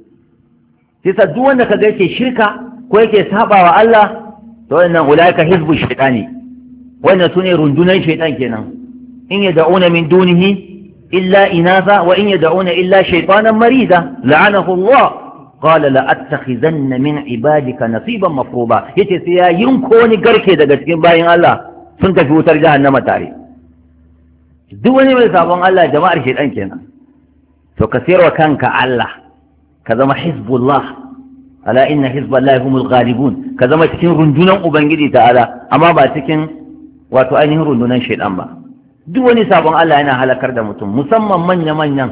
sai sa duk wanda kaga yake shirka ko yake sabawa Allah to wannan ulaika hisbu shaytani wannan sune rundunan shaytan kenan in yad'una min dunihi illa inatha wa in yad'una illa shaytanan marida la'anahu Allah qala la attakhizanna min ibadika nasiban mafruba yace sai ya yi ni garke daga cikin bayan Allah sun tafi wutar jahannama tare duk wani mai sabon Allah jama'ar shaytan kenan to ka sayar wa kanka Allah ka zama hizbullah ala inna hizballahi humul ghalibun ka zama cikin rundunan ubangiji ta'ala amma ba cikin wato ainihin rundunar shaiɗan ba duk wani sabon Allah yana halakar da mutum musamman manya-manyan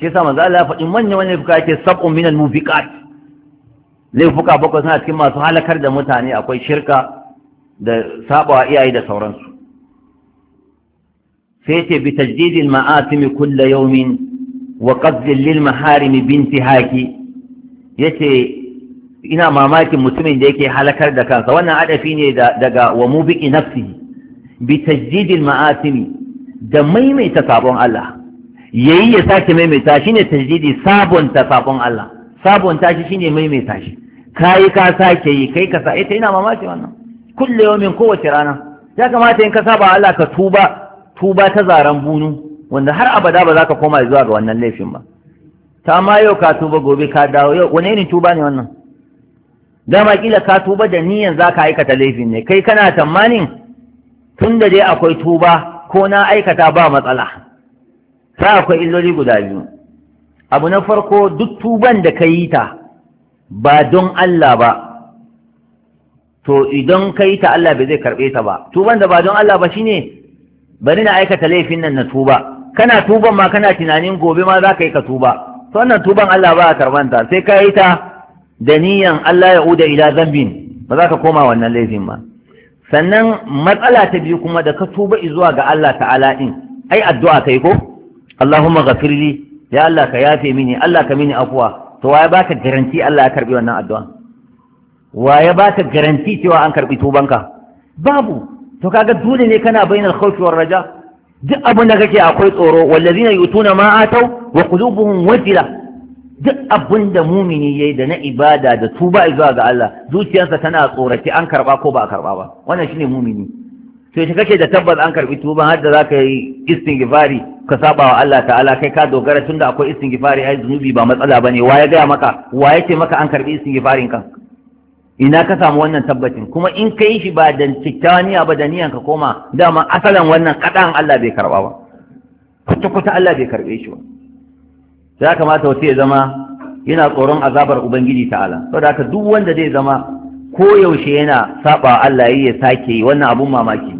shi yasa manzo Allah ya faɗi manya-manyan laifuka yake sab'un minal mubiqat laifuka bakwai suna cikin masu halakar da mutane akwai shirka da sabawa iyaye da sauransu sai ce bi tajdidil ma'asimi kulla yawmin wa qadzil lil maharimi binti haki yace ina mamakin mutumin da yake halakar da kansa wannan adafi ne daga wa mubiqi nafsihi bi tajdidil ma'asimi da maimaita sabon Allah Ya yi ya sake maimaita shine tajdidi sabonta sabon Allah sabonta shi ne maimaita shi yi ka sake yi kai ka sa ita eh ina mamaki wannan kulle min kowace rana ya kamata in ka saba Allah ka tuba tuba ta zaren bunu wanda har abada ba za ka koma zuwa ga wannan laifin ba ta ma yau ka tuba gobe ka dawo yau wani irin tuba ne wannan dama kila ka tuba da niyan za ka aikata laifin ne kai kana tamanin tun da dai akwai tuba ko na aikata ba matsala sai akwai illoli guda biyu abu na farko duk tuban da ka yi ta ba don Allah ba to idan ka yi ta Allah bai zai karɓe ta ba tuban da ba don Allah ba shine bari na aikata laifin nan na tuba kana tuban ma kana tunanin gobe ma za ka yi ka tuba to wannan tuban Allah ba a sai ka yi ta da niyan Allah ya uda ila zambin ba za ka koma wannan laifin ba sannan matsala ta biyu kuma da ka tuba zuwa ga Allah ta'ala din ai addu'a kai ko Allahumma ghafirli ya Allah ka yafe mini Allah ka mini afuwa to waye baka garanti Allah ya karbi wannan addu'a waye baka garanti cewa an karbi tubanka babu to kaga dole ne kana bainal khawfi war raja duk abin da kake akwai tsoro wallazina yutuna ma atau wa qulubuhum wajila duk abin da mumini yayi da na ibada da tuba zuwa ga Allah zuciyarsa tana tsoraci an karba ko ba a karba ba wannan shine mumini to ita kake da tabbas an karbi tuba har da zaka yi istighfari ka saba wa Allah ta'ala kai ka dogara tunda akwai istighfari ai zunubi ba matsala bane wa ya gaya maka wa ya ce maka an karbi istighfarin kan ina ka samu wannan tabbacin kuma in ka yi shi ba da cikkiya ba da niyan ka koma dama asalin wannan kadan Allah bai karba ba kwata-kwata Allah bai karbe shi ba ya kamata wace ya zama yana tsoron azabar ubangiji ta'ala saboda haka duk wanda zai zama koyaushe yana saba Allah yi ya sake yi wannan abun mamaki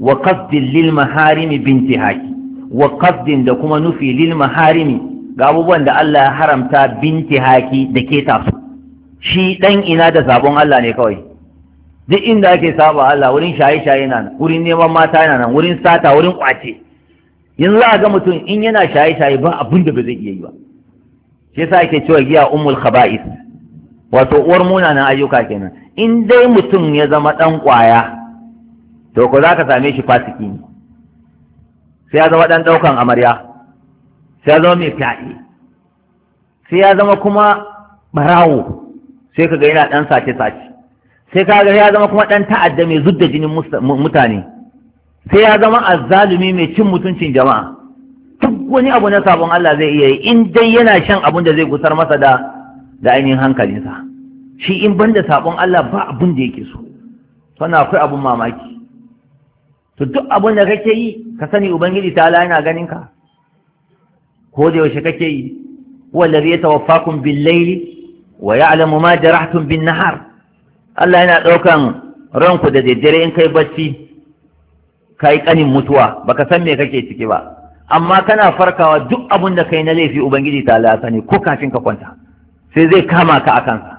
wa qasdin lil maharimi haki wa qasdin da kuma nufi lil maharimi ga abubuwan da Allah ya haramta Binti Haki da ke tafi shi dan ina da sabon Allah ne kawai duk inda ake saba Allah wurin shaye-shaye na nan wurin neman mata yana nan wurin sata wurin kwace yanzu za a ga mutum in yana shaye-shaye ba abin da ba zai iya yi ba shi yasa ake cewa giya umul khaba'is wato uwar munanan ayyuka kenan in dai mutum ya zama dan kwaya to ko zaka same shi fasiki ne sai ya zama dan daukan amarya sai ya zama mai fyaɗe sai ya zama kuma barawo sai ka ga yana dan sace-sace sai ga ya zama kuma dan ta'adda mai zudda jinin mutane sai ya zama azzalumi mai cin mutuncin jama'a duk wani abu na sabon Allah zai iya yi in dai yana shan abun da zai gusar masa da da ainihin hankalinsa shi in banda sabon Allah ba abun da yake so sannan akwai abun mamaki to duk abun da kake yi ka sani ubangiji ta Allah yana ganin ka ko da yaushe kake yi wallazi yatawaffakum bil layli wa ya'lamu ma jarahtum bin nahar Allah yana daukan ranku da daddare in kai bacci yi kanin mutuwa baka san me kake ciki ba amma kana farkawa duk abunda da kai na laifi ubangiji ta lasa ko kafin ka kwanta sai zai kama ka akan sa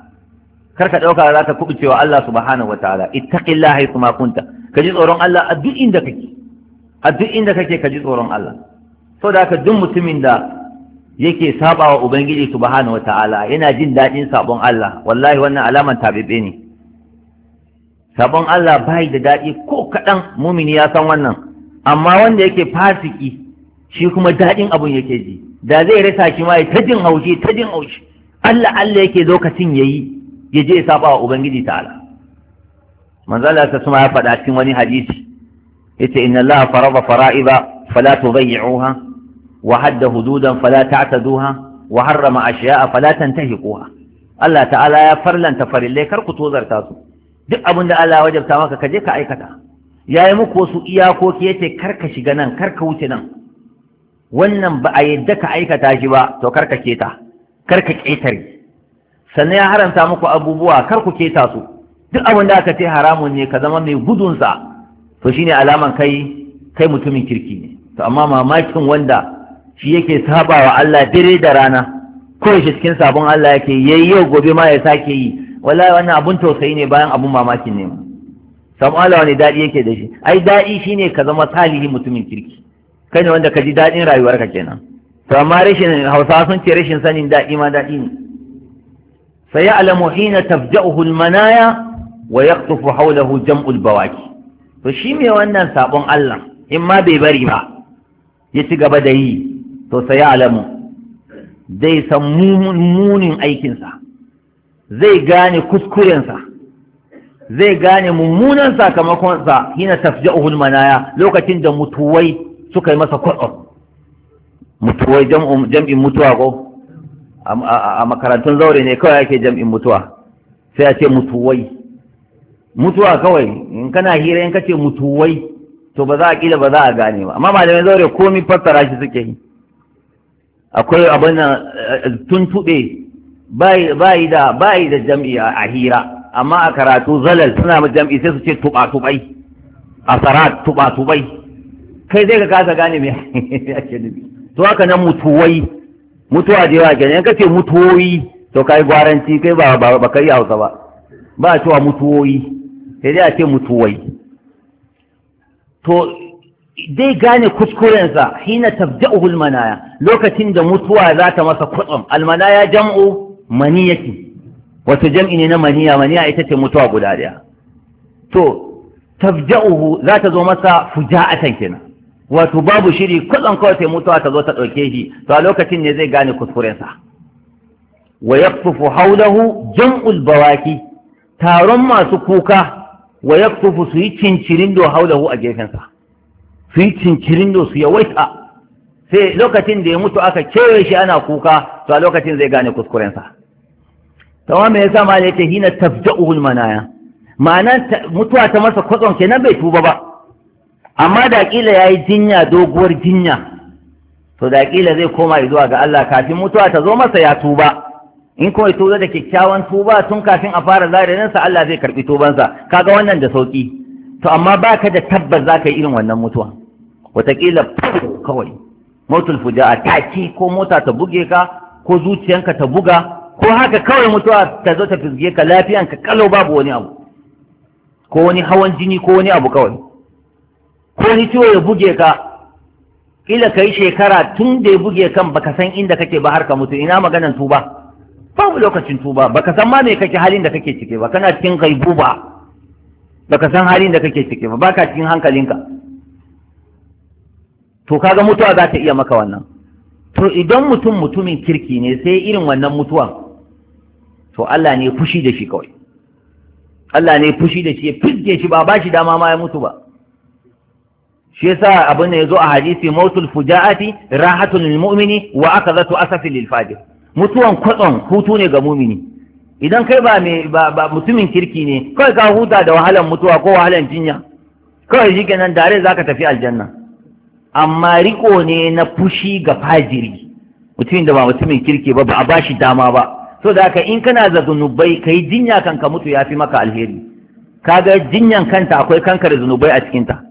kar ka dauka za ka kubucewa Allah subhanahu ta'ala. ittaqillaha haythuma kunta ka ji tsoron Allah a duk inda kake a duk inda kake ka ji tsoron Allah so da haka duk mutumin da yake sabawa ubangiji subhanahu ta'ala yana jin daɗin sabon Allah wallahi wannan alaman tabibe ne sabon Allah bai da daɗi ko kaɗan mumini ya san wannan amma wanda yake fasiki shi kuma daɗin abun yake ji da zai rasa shi ma ya ta jin haushi ta jin haushi Allah Allah yake lokacin yayi ya je ya saba wa ubangiji ta'ala manzo Allah ta suma ya faɗa cikin wani hadisi yace inna Allah farada fara'iba fala tudayyi'uha wa hadda hududan fala ta'taduha wa harrama ashiya'a fala tantahiquha Allah ta'ala ya farlanta farillai kar ku tozarta su duk abin da Allah ya wajabta maka ka je ka aikata ya yi muku wasu iyakoki yace kar ka shiga nan kar ka wuce nan wannan ba a yadda ka aikata shi ba to kar ka keta kar ka ƙetare sannan ya haramta muku abubuwa kar ku keta su duk abin da aka ce haramun ne ka zama mai gudunsa to shine alaman kai kai mutumin kirki ne to amma mamakin wanda shi yake sabawa Allah dare da rana ko shi cikin sabon Allah yake yayi yau gobe ma ya sake yi wallahi wannan abun tausayi ne bayan abun mamaki ne sam'ala wani daɗi yake da shi ai daɗi shine ka zama salihi mutumin kirki kai ne wanda ka ji daɗin rayuwarka kenan to amma rashin hausa sun ce rashin sanin daɗi ma daɗi ne sai ya alamu hina tafja'uhu almanaya wa yaqtufu hawlahu jam'ul bawaki to shi me wannan sabon Allah in ma bai bari ba ya ci gaba da yi to sai ya alamu dai san munin aikinsa zai gane kuskurensa zai gane mummunan sakamakonsa hina tafja'uhul manaya lokacin da mutuwai suka yi masa kwatsam mutuwai jam'in mutuwa ko a makarantun zaure ne kawai ake jam'in mutuwa sai a ce mutuwai mutuwa kawai in kana hira in kace mutuwai to ba za a kila ba za a gane ba amma malamai zaure komi fassara shi suke yi akwai abin nan eh, eh, tuntube bayi da bayi da jam'i a hira amma a karatu zalal suna ma jam'i sai su ce tuba tubai a sarat tuba tubai kai zai ka kasa gane me ake nufi to haka nan mutuwai mutuwa da yawa kenan in kace mutuwoyi to kai gwaranci kai ba ba ba kai Hausa ba ba cewa mutuwoyi sai dai a ce mutuwai to dai gane kuskurensa hina tabda'uhu almanaya lokacin da mutuwa za ta masa kutsum almanaya jam'u maniyati wato jam'i ne na maniya maniya ita ce mutuwa guda daya to tafja'uhu za ta zo masa fuja'atan kenan wato babu shiri kwatsan kawai sai mutuwa ta zo ta ɗauke shi to a lokacin ne zai gane kuskurensa wa yaqtufu haulahu jam'ul bawaki taron masu kuka wa yaqtufu su yi cincirin do haulahu a gefensa su yi cincirin do su yawaita sai lokacin da ya mutu aka kewaye shi ana kuka to a lokacin zai gane kuskurensa tawa me yasa ma yake hina tabda'uhul manaya ma'ana mutuwa ta masa kwatsam kenan bai tuba ba amma da kila yayi jinya doguwar jinya to da kila zai koma zuwa ga Allah kafin mutuwa ta zo masa ya tuba in kuma ya tuba da kyakkyawan tuba tun kafin a fara sa Allah zai karbi tubansa kaga wannan da sauki to amma baka da tabbas zaka yi irin wannan mutuwa wataƙila kawai motul a taki ko mota ta buge ka ko zuciyanka ta buga ko haka kawai mutuwa ta zo ta fizge ka lafiyan ka kalau babu wani abu ko wani hawan jini ko wani abu kawai ko wani ciwo ya buge ka kila kai shekara tun da ya buge kan baka san inda kake ba har ka mutu ina maganan tuba babu lokacin tuba baka san ma me kake halin da kake cike ba kana cikin gaibu ba baka san halin da kake cike ba baka cikin hankalinka to kaga mutuwa za ta iya maka wannan to idan mutum mutumin kirki ne sai irin wannan mutuwa, to Allah ne fushi da shi kawai Allah ne fushi da shi ya fiske shi ba ba shi dama ma ya mutu ba shi yasa abin da yazo a hadisi mautul fujaati rahatul lil mu'mini wa asafi lil fajir mutuwan kwatson hutu ne ga mu'mini idan kai ba mai ba mutumin kirki ne kawai ka huta da wahalan mutuwa ko wahalan jinya kawai shikenan dare zaka tafi aljanna amma riko ne na fushi ga fajiri mutumin da ba mutumin kirki ba ba a ba shi dama ba so da haka in kana da zunubai kai jinya kan ka mutu yafi maka alheri kaga jinyan kanta akwai kankare zunubai a cikin ta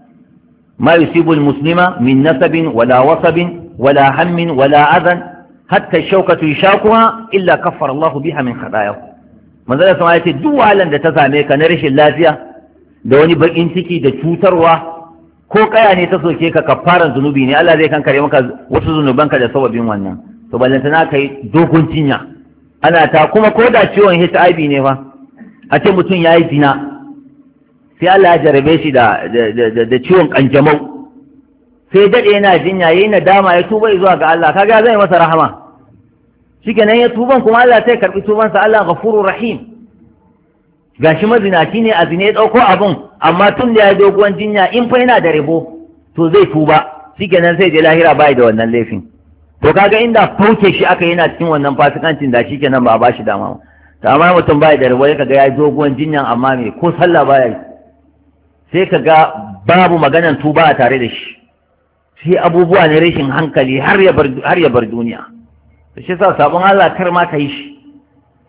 ma yusibul muslima min nasabin wala wasabin wala hammin wala azan hatta shaukatu kuma, illa kaffara Allah biha min khatayahu manzo da sama yace duk walan da ta same ka na rashin lafiya da wani bakin ciki da cutarwa ko kaya ne ta soke ka kafaran zunubi ne Allah zai kankare maka wasu zunubanka da sababin wannan to ballantana na kai dogon jinya ana ta kuma ko da ciwon HIV ne fa a ce mutum ya yi zina sai Allah ya jarabe shi da da ciwon kanjamau sai daɗe yana jinya yayi nadama ya tuba zuwa ga Allah kaga zai masa rahama shikenan ya tuban kuma Allah sai karbi tubansa Allah ghafurur rahim gashi mazinaci ne a zine ɗauko abin amma tun da ya doguwan jinya in fa yana da rabo to zai tuba kenan sai je lahira ba da wannan laifin to kaga inda fauke shi aka yana cikin wannan fasikancin da kenan ba a bashi dama to amma mutum ba da rabo kaga ya doguwan jinyan amma me ko sallah baya yi sai kaga babu maganan tuba a tare da shi sai abubuwa ne rashin hankali har ya bar duniya to sa sabon Allah kar ma ka yi shi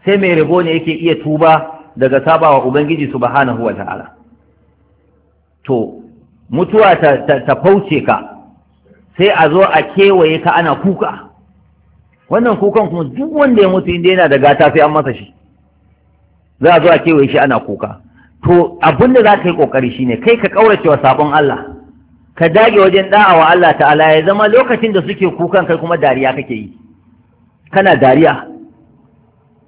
sai mai rabo ne yake iya tuba daga sabawa ubangiji subhanahu ta’ala. to mutuwa ta, ta, ta fauce ka sai a zo a kewaye ka ana kuka wannan kukan kuma duk wanda ya mutu inda yana da gata sai an masa shi za a zo a kewaye shi ana kuka to abin da za ka yi kokari shine kai ka kaurace wa sabon Allah ka dage wajen da'a wa Allah ta'ala ya zama lokacin da suke kukan kai kuma dariya kake yi kana dariya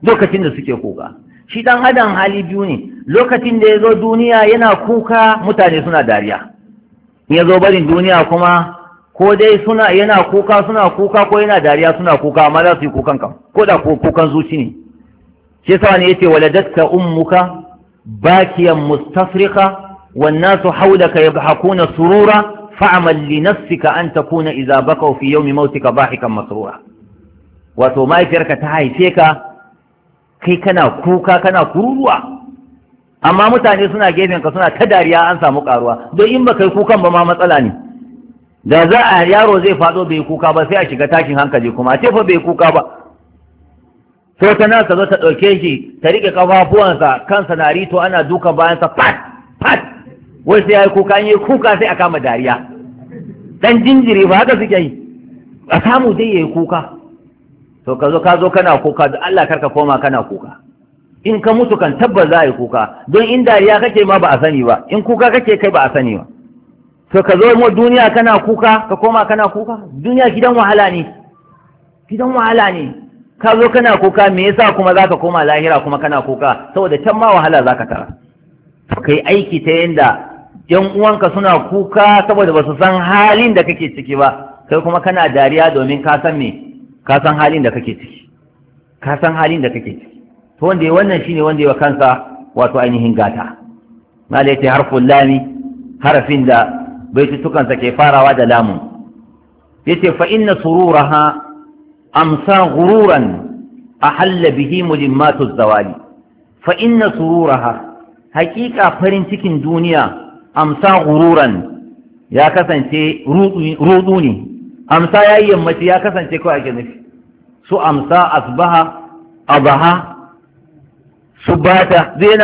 lokacin da suke kuka shi dan adam hali biyu ne lokacin da ya zo duniya yana kuka mutane suna dariya ya zo barin duniya kuma ko dai suna yana kuka suna kuka ko yana dariya suna kuka amma za su yi kukan kam ko da kukan zuci ne shi yasa ne yace waladatka ummuka bakiyan mustafrika والناس yabhakuna surura fa'mal li nafsika an takuna idza bakaw fi yawmi mautika bahikan masrura wato mahaifiyarka ta haife ka kai kana kuka kana kururuwa amma mutane suna gefen ka suna ta dariya an samu karuwa don in ba kai kukan ba ma matsala ne da za a yaro zai fado bai kuka ba sai a shiga tashin hankali kuma a ce fa bai kuka ba sai ta nan zo ta ɗauke shi ta rike ƙafafuwansa kansa na rito ana duka bayansa fat fat. wai sai ya yi kuka yi kuka sai a kama dariya dan jinjiri ba haka suke yi a samu dai ya yi kuka to ka zo ka zo kana kuka da Allah karka koma kana kuka in ka mutu kan tabbas za a yi kuka don in dariya kake ma ba a sani ba in kuka kake kai ba a sani ba to ka zo mu duniya kana kuka ka koma kana kuka duniya gidan wahala ne gidan wahala ne ka zo kana kuka me yasa kuma za ka koma lahira kuma kana kuka saboda can ma wahala za ka tara To kai aiki ta yanda yan uwanka suna kuka saboda ba su san halin da kake ciki ba kai kuma kana dariya domin ka san me ka san halin da kake ciki ka san halin da kake ciki to wanda ya wannan shine wanda ya kansa wato ainihin gata mala yace harful lami harafin da baitutukansa ke farawa da lamun yace fa inna sururaha amsa ghururan ahalla bihi mulimmatu zawali fa inna sururaha haƙiƙa farin cikin duniya amsa gururan ya kasance rudu ne amsa ya yi yammaci ya kasance kawai ake nufi su amsa asbaha abaha su bata zai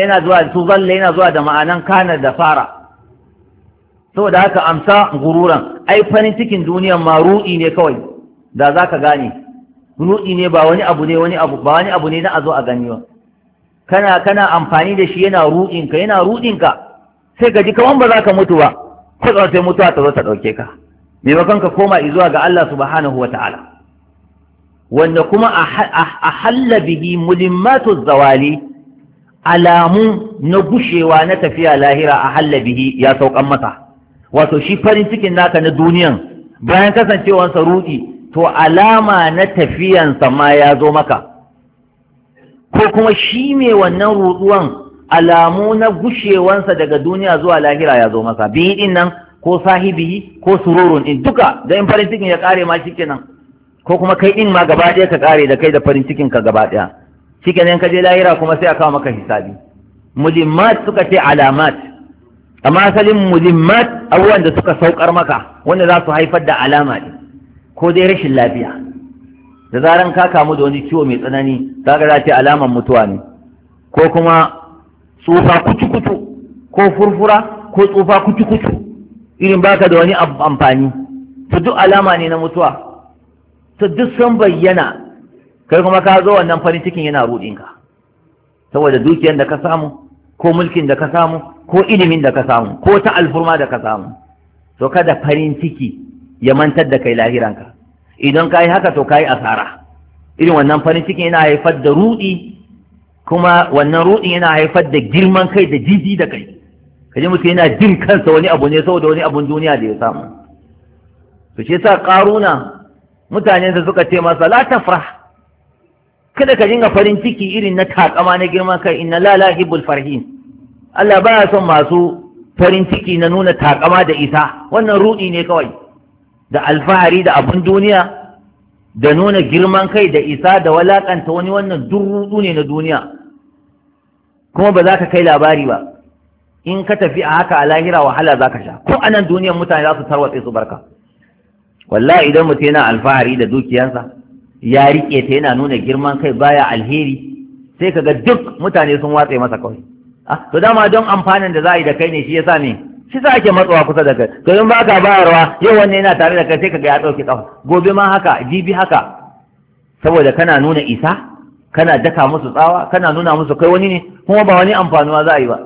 yana zuwa su zalle yana zuwa da ma'anan kana da fara saboda haka amsa gururan ai farin cikin duniya ma ru'i ne kawai da za ka gane ru'i ne ba wani abu ne wani abu ba wani abu ne na a zo a gani ba kana kana amfani da shi yana ru'inka yana ru'inka sai ka ji kawan ba za ka mutu ba ko sai mutuwa ta zo ta ɗauke ka maimakon ka koma izuwa ga Allah subhanahu wata'ala wanda kuma a halla bihi mulimmatu zawali alamu na gushewa na tafiya lahira a halla bihi ya saukan masa wato shi farin cikin naka na duniyan bayan kasancewansa ruɗi, to alama na tafiyansa ma ya zo maka ko kuma shi mai wannan ruduwan alamu na gushewansa daga duniya zuwa lahira ya zo maka? biyu nan ko sahibi ko sururun in duka da in farin cikin ya kare ma shikenan ko kuma kai din ma gaba ɗaya ka kare da kai da farin cikin ka gaba ɗaya shikenan ka je lahira kuma sai a kawo maka hisabi mulimmat suka ce alamat amma asalin mulimmat abubuwan da suka saukar maka wanda za su haifar da alama ne ko dai rashin lafiya da zaran ka kamu da wani ciwo mai tsanani za ka ce alaman mutuwa ne ko kuma tsufa kucu-kucu ko furfura ko tsufa kucu-kucu irin baka da wani amfani to duk alama ne na mutuwa to duk sun bayyana kai kuma ka zo wannan farin cikin yana ka saboda dukiyar da ka samu ko mulkin da ka samu ko ilimin da ka samu ko ta alfurma da ka samu to kada farin ciki ya mantar da kai lahiranka idan ka haka to ka asara irin wannan farin cikin yana haifar da rudi kuma wannan rudin yana haifar da girman kai da jiji da kai kaje mutum yana jin kansa wani abu ne saboda wani abun duniya da ya samu to shi yasa karuna mutanen sa suka ce masa la tafrah kada ka dinga farin ciki irin na takama na girma kai inna la la hibul farhin Allah baya son masu farin ciki na nuna takama da isa wannan ruɗi ne kawai da alfahari da abun duniya da nuna girman kai da isa da walakanta wani wannan duk ne na duniya kuma ba za ka kai labari ba in ka tafi a haka a lahira wahala za ka sha ko a nan duniyar mutane za su tarwatse su barka wallahi idan mutum yana alfahari da dukiyarsa ya riƙe ta yana nuna girman kai baya alheri sai kaga duk mutane sun watse masa kawai ah, to dama don amfanin da za a yi da kai ne shi ya sa ne shi za ake matsawa kusa da kai to in baka bayarwa yau wanne yana tare da kai sai kaga ya ɗauke ƙafa gobe ma haka jibi haka saboda kana nuna isa kana daka musu tsawa kana nuna musu kai wani ne kuma ba wani amfanuwa za a yi ba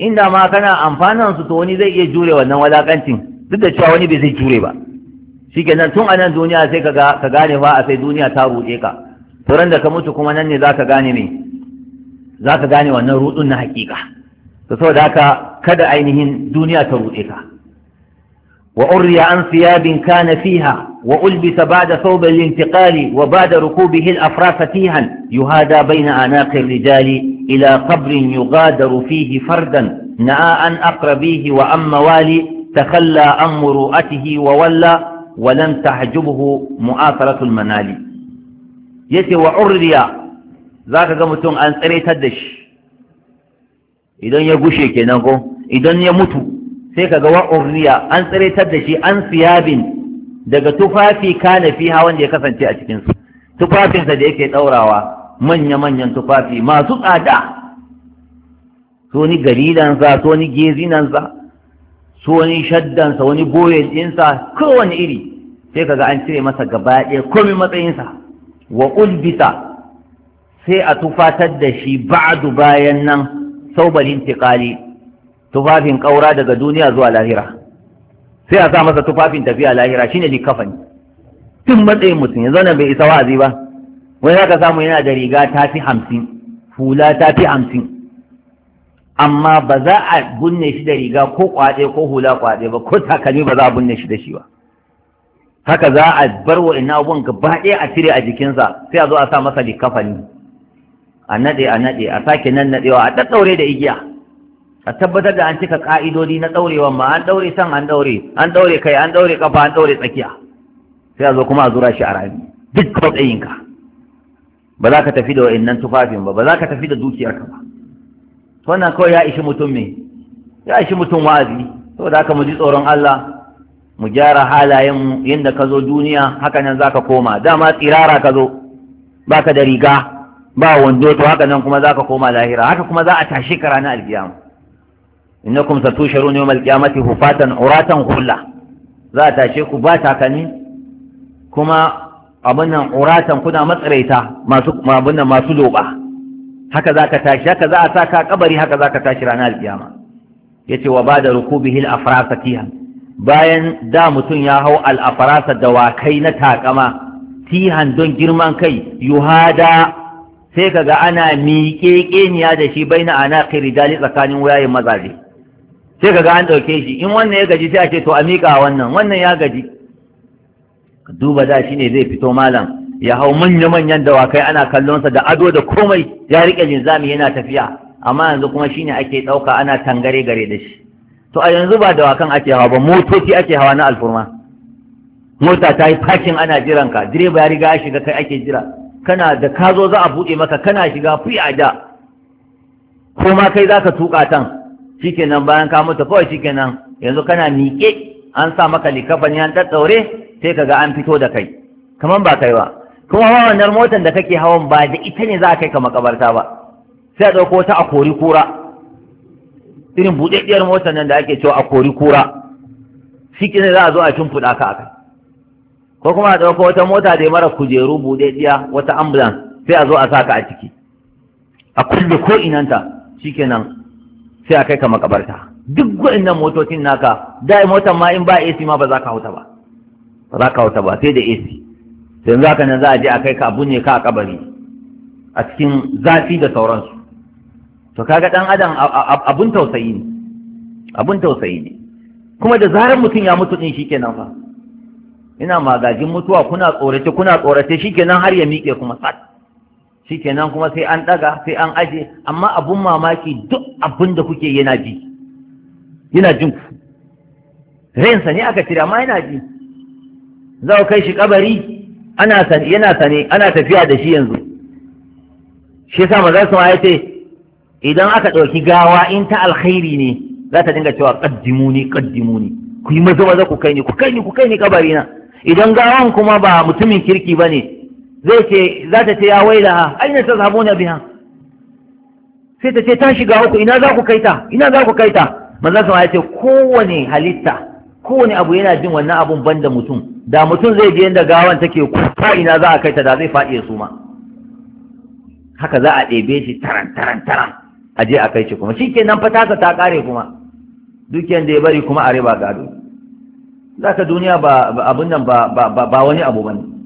inda ma kana amfanan su to wani zai iya jure wannan walakancin duk da cewa wani bai zai jure ba shikenan tun a nan duniya sai ka gane fa a sai duniya ta ruɗe ka to da ka mutu kuma nan ne za ka gane me ka gane wannan rudun na hakika to saboda haka kada ainihin duniya ta ruɗe ka وأري عن ثياب كان فيها وألبس بعد ثوب الانتقال وبعد ركوبه الأفراس تيها يهادى بين أناق الرجال إلى قبر يغادر فيه فردا نعى عن أقربيه وأم موالي تخلى عن مروءته وولى ولم تحجبه مؤاثرة المنال يتي وعري ذاك قمتون أن أريت الدش إذن يقشي كنانكو إذن يموتوا sai kaga wa urniya an tsiraitar da shi an siyabin daga tufafi kana hawan wanda ya kasance a cikin su tufafinsa da yake daurawa manya-manyan tufafi masu tsada so ni sa, so ni sa, so ni shaddan shaddansa wani boyen ɗinsa kowane iri sai kaga an cire masa gaba ɗaya komai matsayinsa wa ulbita sai a tufatar da shi ba'adu bayan nan saubalin tiƙali tufafin ƙaura daga duniya zuwa lahira sai a sa masa tufafin tafiya lahira shine likafani tun matsayin mutum yanzu nan bai isa wa'azi ba wani za ka samu yana da riga ta fi hamsin hula ta fi hamsin amma ba za a bunne shi da riga ko kwaɗe ko hula kwaɗe ba ko takalmi ba za a bunne shi da shi ba haka za a bar wa ina abun gaba ɗaya a cire a jikinsa sai a zo a sa masa likafani a naɗe a naɗe a sake nan naɗewa a ɗaɗɗaure da igiya a tabbatar da an cika ka'idodi na ɗaurewan ma an ɗaure san an ɗaure an ɗaure kai an ɗaure kafa an ɗaure tsakiya sai a zo kuma a zura shi a rami duk matsayinka ba za ka tafi da wa'annan tufafin ba ba za ka tafi da dukiyarka ba wannan kawai ya ishi mutum me. ya ishi mutum wazi saboda haka mu ji tsoron Allah mu gyara halayen mu yadda ka zo duniya haka nan za ka koma dama tsirara ka zo baka da riga ba wando to haka nan kuma za ka koma lahira haka kuma za a tashi ka ranar alkiyama innakum satusharun yawmal qiyamati hufatan uratan hulla za a tashe ku ba takalmi kuma abin nan uratan kuna matsaraita masu abin nan masu loba haka za ka tashi haka za a sa ka kabari haka za ka tashi ranar alkiyama yace wa ba da rukubihil afrasa tihan bayan da mutum ya hau al al'afarasa dawakai na takama tihan don girman kai yuhada sai kaga ana miƙe ƙeniya da shi bai na ana kai rijali tsakanin wayayen mazaje sai ka ga an ɗauke shi in wannan ya gaji sai a ce to a miƙa wannan wannan ya gaji duba da shi ne zai fito malam ya hau manya-manyan dawakai ana kallonsa da ado da komai ya riƙe linzami yana tafiya amma yanzu kuma shine ake ɗauka ana tangare gare da shi to a yanzu ba dawakan ake hawa ba motoci ake hawa na alfurma mota ta yi fakin ana jiran ka direba ya riga ya shiga kai ake jira kana da ka zo za a buɗe maka kana shiga fi a da ko ma kai za ka tuƙa tan shikenan bayan ka mutu kawai shikenan yanzu kana miƙe an sa maka likafani an daddaure sai kaga an fito da kai kaman ba kai ba kuma wannan motar da kake hawan ba da ita ne za ka kai ka makabarta ba sai a ɗauko ta a kori kura irin buɗaɗɗiyar motar nan da ake cewa a kori kura shi ne za a zo a shimfiɗa ka a kai ko kuma a ɗauko wata mota da ya mara kujeru buɗaɗɗiya wata ambulance sai a zo a sa ka a ciki a kulle ko inanta shikenan sai a kai ka makabarta duk wa'annan motocin naka dai motar ma in ba AC ma ba za ka hauta ba ba za ka hauta ba sai da AC sai za ka nan za a je a kai ka abu ne ka a kabari a cikin zafi da sauransu to kaga dan adam abun tausayi ne abun tausayi ne kuma da zarar mutum ya mutu din shikenan fa ina magajin mutuwa kuna tsorace kuna tsorace shikenan har ya miƙe kuma sat shikenan kuma sai an daga sai an aje amma abun mamaki duk abun da kuke yana ji yana jin ku rensa ne aka cire amma yana ji za ku kai shi kabari ana yana sane ana tafiya da shi yanzu shi yasa maza su ya ce idan aka ɗauki gawa in ta alkhairi ne za ta dinga cewa ƙaddimu ne, ku yi maza maza ku kai ni ku kai ni ku kai ni kabari na idan gawan kuma ba mutumin kirki ba ne. zai ce za ta ce ya wailaha aina na biha sai ta ce ta shiga uku ina za ku kaita ina za ku kaita Maza sama ya ce kowane halitta kowane abu yana jin wannan abun ban da mutum da mutum zai je yadda gawan take ko ina za a kaita da zai faɗi ya suma haka za a ɗebe shi taran taran taran a je a kai shi kuma shikenan fa tasa ta ƙare kuma dukiyan da ya bari kuma a riba gado ka duniya ba abun nan ba wani abu bane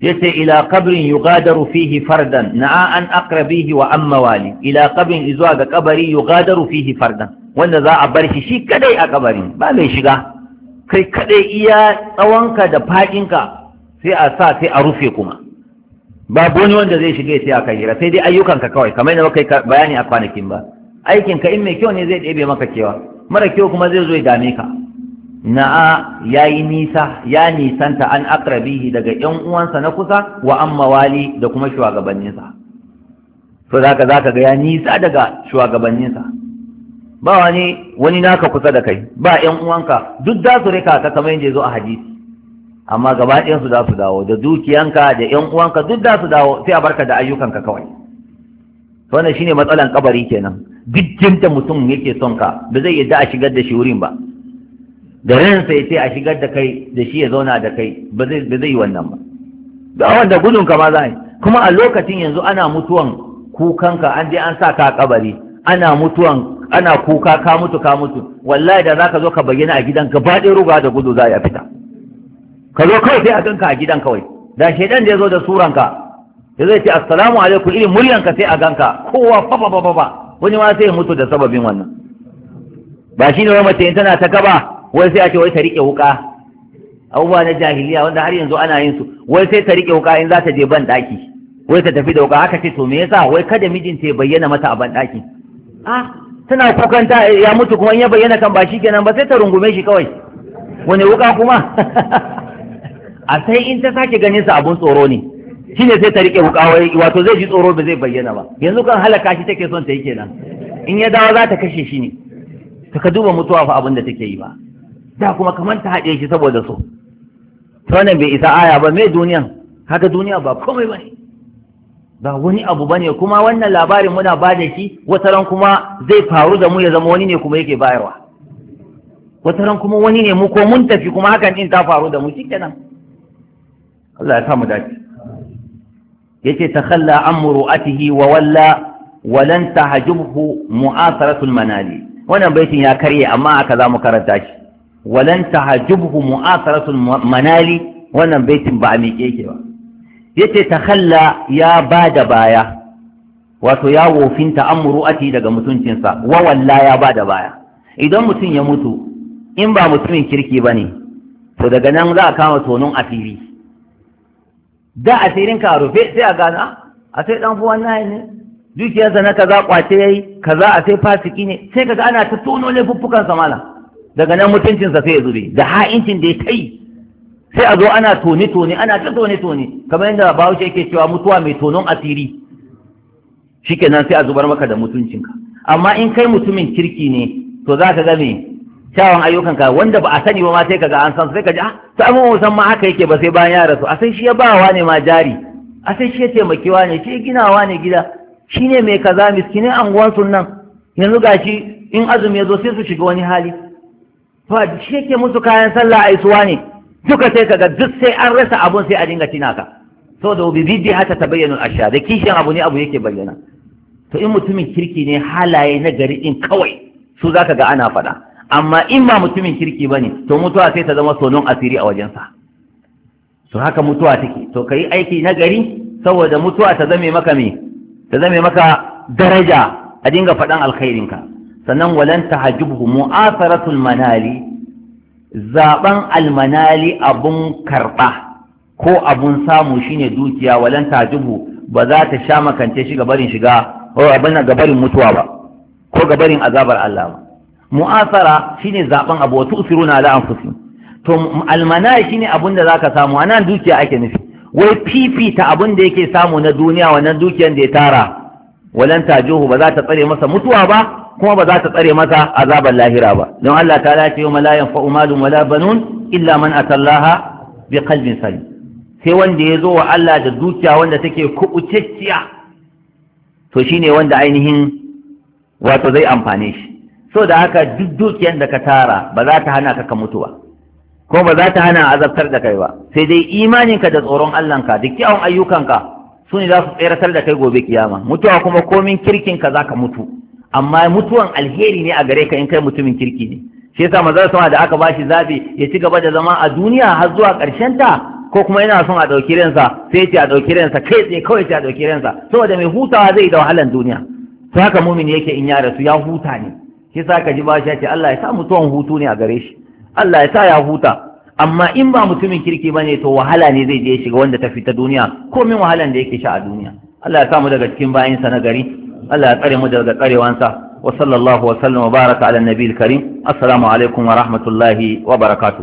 yace ila qabrin yugadaru fihi fardan na'a an aqrabihi wa amma wali ila qabrin izuwa ga kabari yugadaru fihi fardan wanda za a bar shi shi kadai a kabari ba mai shiga kai kadai iya tsawonka da fadinka sai a sa sai a rufe kuma ba wani wanda zai shiga sai a kai hira sai dai ayyukanka kawai kamar yadda kai bayani a kwanakin ba aikin ka in mai kyau ne zai ɗebe maka cewa mara kyau kuma zai zo ya dame ka na'a ya yi nisa ya nisanta an akrabihi daga ‘yan uwansa na kusa wa an mawali da kuma shugabanninsa so za ka za ka ga ya nisa daga shugabanninsa ba wani wani naka kusa da kai ba ‘yan uwanka duk za su rika ka kamar yadda zo a hadisi amma gaba su za su dawo da dukiyanka da ‘yan uwanka duk za su dawo sai a barka da ayyukanka kawai wannan shine matsalar kabari kenan duk jinta mutum yake son ka ba zai yadda a shigar da shi wurin ba da ransa ya ce a shigar da kai da shi ya zauna da kai ba zai yi wannan ba da wanda gudun ka ma za yi kuma a lokacin yanzu ana mutuwan kukanka an je an sa ka kabari ana mutuwan ana kuka ka mutu ka mutu wallahi da zaka zo ka bayyana a gidan gaba ɗaya ruga da gudu za a fita ka zo kawai sai a ganka a gidan kawai da shedan da ya zo da suranka ya zai ce assalamu alaikum irin muryanka sai a ganka kowa fa fa fa wani ma sai ya mutu da sababin wannan ba shine wai mace tana ta gaba wai sai a ce wai ta riƙe wuƙa abubuwa na jahiliya wanda har yanzu ana yin su wai sai ta riƙe wuƙa in za ta je ban ɗaki wai ta tafi da wuƙa haka ce to me yasa wai kada mijinta ya bayyana mata a ban ɗaki ah tana kukan ya mutu kuma in ya bayyana kan ba shi kenan ba sai ta rungume shi kawai wani wuƙa kuma a sai in ta sake ganin sa abun tsoro ne shine sai ta riƙe wuƙa wato zai ji tsoro ba zai bayyana ba yanzu kan halaka shi take son ta yi kenan in ya dawo za ta kashe shi ne ka duba mutuwa fa abin da take yi ba da kuma kamar ta haɗe shi saboda so ta wannan bai isa aya ba mai duniya haka duniya ba komai ba ne ba wani abu ba ne kuma wannan labarin muna ba da shi wataran kuma zai faru da mu ya zama wani ne kuma yake bayarwa wataran kuma wani ne mu ko mun tafi kuma hakan din ta faru da mu kenan Allah ya sa mu dace yace takhalla amru atihi wa walla walan tahjubhu mu'asaratul manali wannan baitin ya karye amma aka za mu karanta shi walan tahajjubhu mu'asaratul manali wannan baitin ba a miƙe yake ba yace takhalla ya bada baya wato ya ta an daga mutuncinsa wa walla ya bada baya idan mutum ya mutu in ba mutumin kirki ba ne, to daga nan za a kama tonon asiri da asirin ka rufe sai a gana ah, a sai dan fuwan nayi ne dukiyarsa na kaza kwace yayi kaza a sai fasiki ne sai kaga ana ta tono laifuffukan samala. daga nan mutuncinsa sai ya zube da ha'incin da ya kai sai a zo ana toni-toni ana ta toni-toni, kamar yadda bahaushe yake cewa mutuwa mai tonon asiri shikenan sai a zubar maka da mutuncinka amma in kai mutumin kirki ne to za ka ga me ayyukan ka wanda ba a sani ba ma sai ka ga an san sai ka ji ah ta amma musamman haka yake ba sai bayan ya rasu a sai shi ya wa ne ma jari a sai shi ya taimakewa ne shi wa ne gida shi ne mai kaza miskinin anguwan nan yanzu gashi in azumi ya zo sai su shiga wani hali fa shi yake musu kayan sallah a isuwa ne duka sai kaga duk sai an rasa abun sai a dinga tina ka so da bi hata ta bayyana ashya da kishin abu ne abu yake bayyana to in mutumin kirki ne halaye na gari in kawai su zaka ga ana faɗa amma in ba mutumin kirki bane to mutuwa sai ta zama sonon asiri a wajensa to haka mutuwa take to kai aiki na gari saboda mutuwa ta zame maka me ta zame maka daraja a dinga faɗan alkhairinka sannan walan tahajjubhu mu'asaratul manali zaban almanali abun karba ko abun samu shine dukiya walan tahajjubhu ba za ta sha makance shi gabarin shiga ko abin gabarin mutuwa ba ko gabarin azabar Allah ba mu'asara shine zaben abu wato usiruna ala anfusin to almanali shine abun da zaka samu anan dukiya ake nufi wai fifita abun da yake samu na duniya wannan dukiyan da ya tara walan tajuhu ba za ta tsare masa mutuwa ba kuma ba za ta tsare masa azaban lahira ba don Allah ta lafi yau la yanfa'u malun wala banun illa man atallaha bi qalbin sali. sai wanda ya zo wa Allah da dukiya wanda take kubucecciya to shine wanda ainihin wato zai amfane shi so da haka duk dukiyar da ka tara ba za ta hana ka ka mutu ba ko ba za ta hana azabtar da kai ba sai dai imaninka da tsoron ka da kyawun ayyukanka su ne za su tseratar da kai gobe kiyama mutuwa kuma komin ka za ka mutu amma mutuwan alheri ne a gare ka in kai mutumin kirki ne shi yasa manzon sama da aka bashi zabi ya ci gaba da zama a duniya har zuwa ƙarshen ta ko kuma yana son a ɗauki ransa sai ce a ɗauki ransa kai tsaye kawai ce a ɗauki ransa saboda mai hutawa zai da wahalan duniya to haka mumin yake in ya rasu ya huta ne shi yasa ka ji bashi ya ce Allah ya sa mutuwan hutu ne a gare shi Allah ya sa ya huta amma in ba mutumin kirki bane to wahala ne zai je shiga wanda ta fita duniya komin wahalan da yake sha a duniya Allah ya sa mu daga cikin sa na gari Allah ya tsare mu daga tsarewansa wa sallallahu wa sallam wa baraka ala nabiyil karim assalamu alaikum wa rahmatullahi wa barakatuh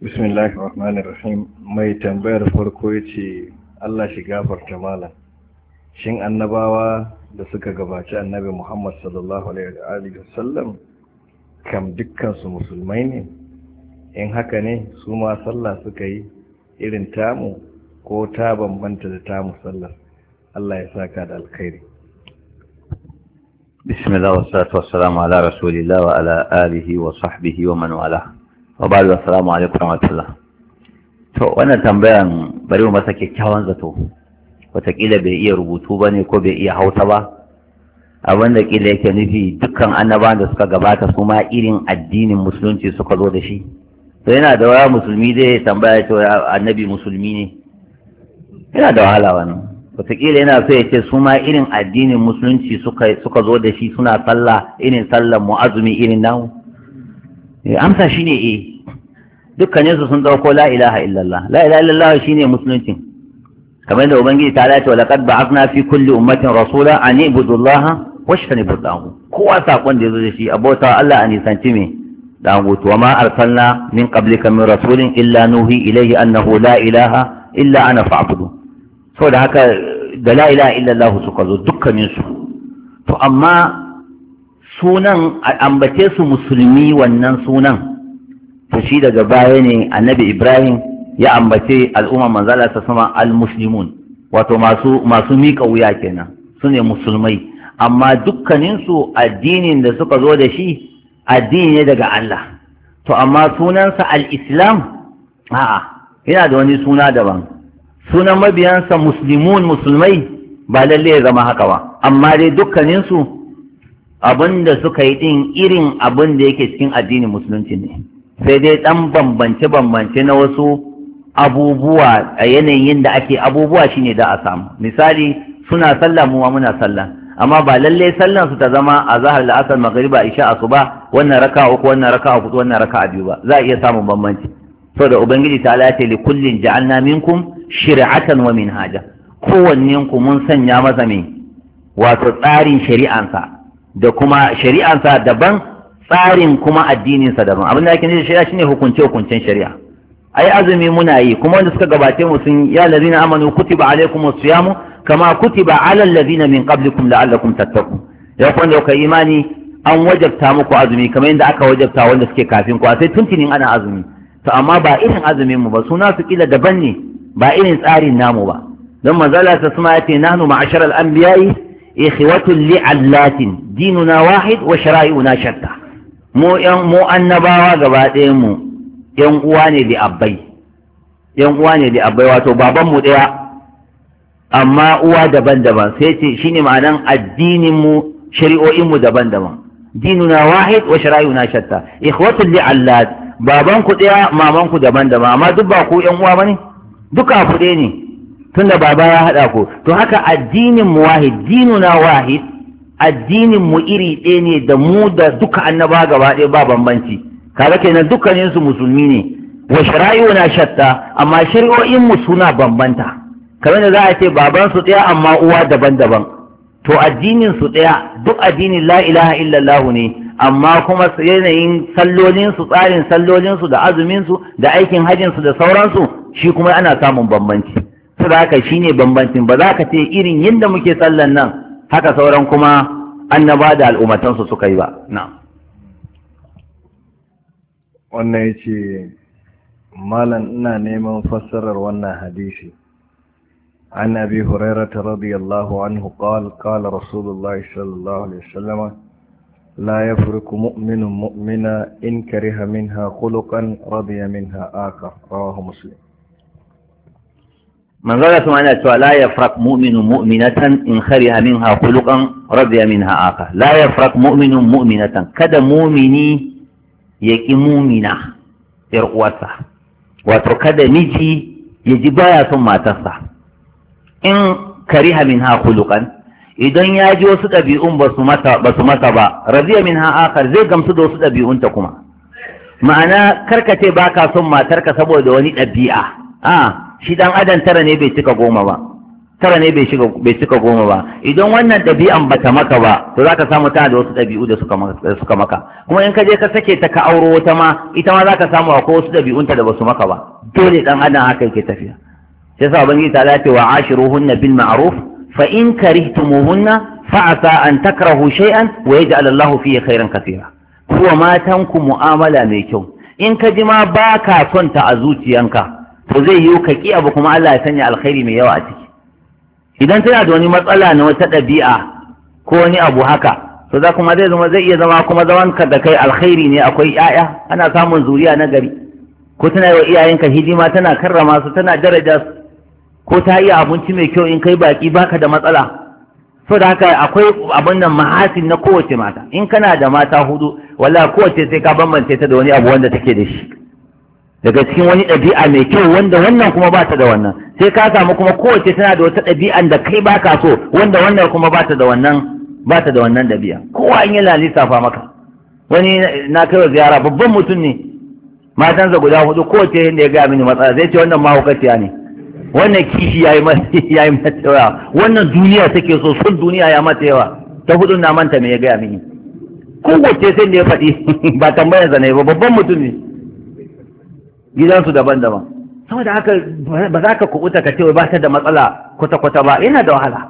bismillahir rahmanir rahim mai tambayar farko yace Allah shi gafarta malam shin annabawa da suka gabaci annabi Muhammad sallallahu alaihi wa sallam kam dukkan su musulmai ne in haka ne su ma sallah suka yi irin tamu ko ta bambanta da tamu sallah Allah ya saka da alkhairi بسم الله والصلاة والسلام على رسول الله وعلى آله وصحبه ومن والاه وبعد السلام عليكم ورحمة الله to wannan tambayan bari mu masa kyakkyawan zato wataƙila bai iya rubutu ba ne ko bai iya hausa ba abin da ƙila yake nufi dukkan annabawan da suka gabata su ma irin addinin musulunci suka zo da shi to yana da waya musulmi zai tambaya cewa annabi musulmi ne yana da wahala wannan wataƙila yana so ya ce su ma irin addinin musulunci suka zo da shi suna sallah irin sallah mu'azumi irin namu eh, amsa shi ne eh dukkaninsu sun ɗauko la ilaha illallah la ilaha illallah shi ne musuluncin kamar da ubangiji ta lati wa laqad ba'athna fi kulli ummatin rasula an ibudu allaha wa shtanibu dahu kowa sakon da yazo da shi abota Allah a nisanci me dahu to ma arsalna min qablika min rasulin illa nuhi ilayhi annahu la ilaha illa ana fa'budu saboda haka da la ilaha illallah suka zo dukkanin su to amma sunan ambace su musulmi wannan sunan to shi daga baya ne annabi ibrahim ya ambace al'umma manzala ta sama al-muslimun wato masu masu mika wuya kenan sune musulmai amma dukkaninsu addinin da suka zo da shi addini ne daga Allah to amma sunansa al-islam a'a yana da wani suna daban sunan mabiyansa musulmun musulmai ba lalle ya zama haka ba amma dai dukkaninsu abinda suka yi din irin abin da yake cikin addinin musulunci ne sai dai dan bambance bambance na wasu abubuwa a yanayin da ake abubuwa shine da a samu misali suna sallah mu muna sallah amma ba lalle sallan su ta zama a zahar la'asar magariba isha asuba wannan raka uku wannan raka uku wannan raka biyu ba za a iya samun bambanci saboda ubangiji ta ala ce li kullin ja'alna minkum shir'atan wa haja. kowannen ku mun sanya masa mai wato tsarin shari'ansa da kuma shari'ansa daban tsarin kuma addininsa daban abin da ake nufi shari'a shine hukunce hukuncen shari'a ai azumi muna yi kuma wanda suka gabate mu sun ya lazina amanu kutiba alaikumus siyamu kama kutiba alal ladina min qablikum la'allakum tattaqun ya kwanda ka imani an wajabta muku azumi kamar yadda aka wajabta wanda suke kafin ku sai tuntunin ana azumi to amma ba irin azumin mu ba suna su kila daban ne ba irin tsarin namu ba don manzala ta suma ya ce nahnu ma'asharal anbiya'i ikhwatul li'allatin dinuna wahid wa shara'i'una shatta mu yan mu annabawa gaba ɗayan mu yan uwa ne bi abbai yan uwa ne bi abbai wato baban mu ɗaya amma uwa daban-daban sai ce shine ma'anan addinin mu shari'o'in mu daban-daban dinuna wahid wa shara'i'una shatta ikhwatul li'allat baban ku ɗaya maman ku daban-daban amma duk ba ku yan uwa bane duka abu ɗaya ne tunda baba ya haɗa ku to haka addinin mu wahid na wahid addinin mu iri ɗaya ne da mu da duka annaba gaba ɗaya ba bambanci kaga kenan dukkanin su musulmi ne wa shari'una shatta amma shari'o'in mu suna bambanta kamar da za a ce baban su ɗaya amma uwa daban-daban to addinin su ɗaya duk addinin la ilaha illallah ne amma kuma yanayin sallolinsu tsarin sallolinsu da azuminsu da aikin hajjinsu da sauransu shi kuma ana samun bambanci su da haka shi ne bambancin ba za ka ce irin yadda muke sallan nan haka sauran kuma annaba da al'ummatansu suka yi ba na wannan ya ce malam ina neman fassarar wannan hadisi an أبي hurairata radiyallahu anhu عنه قال قال رسول الله صلى لا يفرق مؤمن مؤمنا إن كره منها خلقا رضي منها آخر رواه مسلم من ذلك سبحانه وتعالى لا يفرق مؤمن مؤمنة إن كره منها خلقا رضي منها آخر لا يفرق مؤمن مؤمنة كذا مؤمني يكي مؤمنة يرقوتها وتكذا ميجي يجي بايا ثم تصح إن كره منها خلقا idan ya ji wasu ɗabi'un ba su mata ba raziya min akar zai gamsu da wasu ɗabi'unta kuma ma'ana karkace ba ka son matarka saboda wani ɗabi'a a shi dan adam tara ne bai cika goma ba tara ne bai cika goma ba idan wannan ɗabi'an ba ta maka ba to za ka samu tana da wasu ɗabi'u da suka maka kuma in ka je ka sake ta ka auro wata ma ita ma za ka samu ko wasu ɗabi'unta da ba su maka ba dole dan adam haka yake tafiya sai sa ubangiji ta lafiya wa ashiruhunna bil ma'ruf fa in karihtumuhunna fa asa an takrahu shay'an wa yaj'al Allahu fihi khairan katira matan ku mu'amala mai kyau in ka ji ma ba son ta a zuciyanka to zai yiwu ka ki abu kuma Allah ya sanya alkhairi mai yawa a ciki idan tana da wani matsala na wata ɗabi'a ko wani abu haka to za kuma zai zama iya zama kuma zaman ka da kai alkhairi ne akwai 'ya'ya ana samun zuriya na gari ko tana yi wa iyayenka hidima tana karrama su tana daraja su ko ta iya abinci mai kyau in kai baki baka da matsala so da haka akwai abin nan mahasin na kowace mata in kana da mata hudu wala kowace sai ka bambance ta da wani abu wanda take da shi daga cikin wani ɗabi'a mai kyau wanda wannan kuma ba ta da wannan sai ka samu kuma kowace tana da wata ɗabi'a da kai baka so wanda wannan kuma ba ta da wannan ba ta da wannan ɗabi'a kowa in yi lalisa fa maka wani na kai wa ziyara babban mutum ne matansa guda hudu kowace da ya gaya mini matsala zai ce wannan mahaukaciya ne wannan kishi ya yi mata yawa wannan duniya take so sun duniya ya mata yawa ta hudu na manta me ya gaya mini kowace sai da ya faɗi ba tambayar zane ba babban mutum ne gidansu daban-daban Sama da haka ba za ka kubuta ka ce ba ta da matsala kwata-kwata ba yana da wahala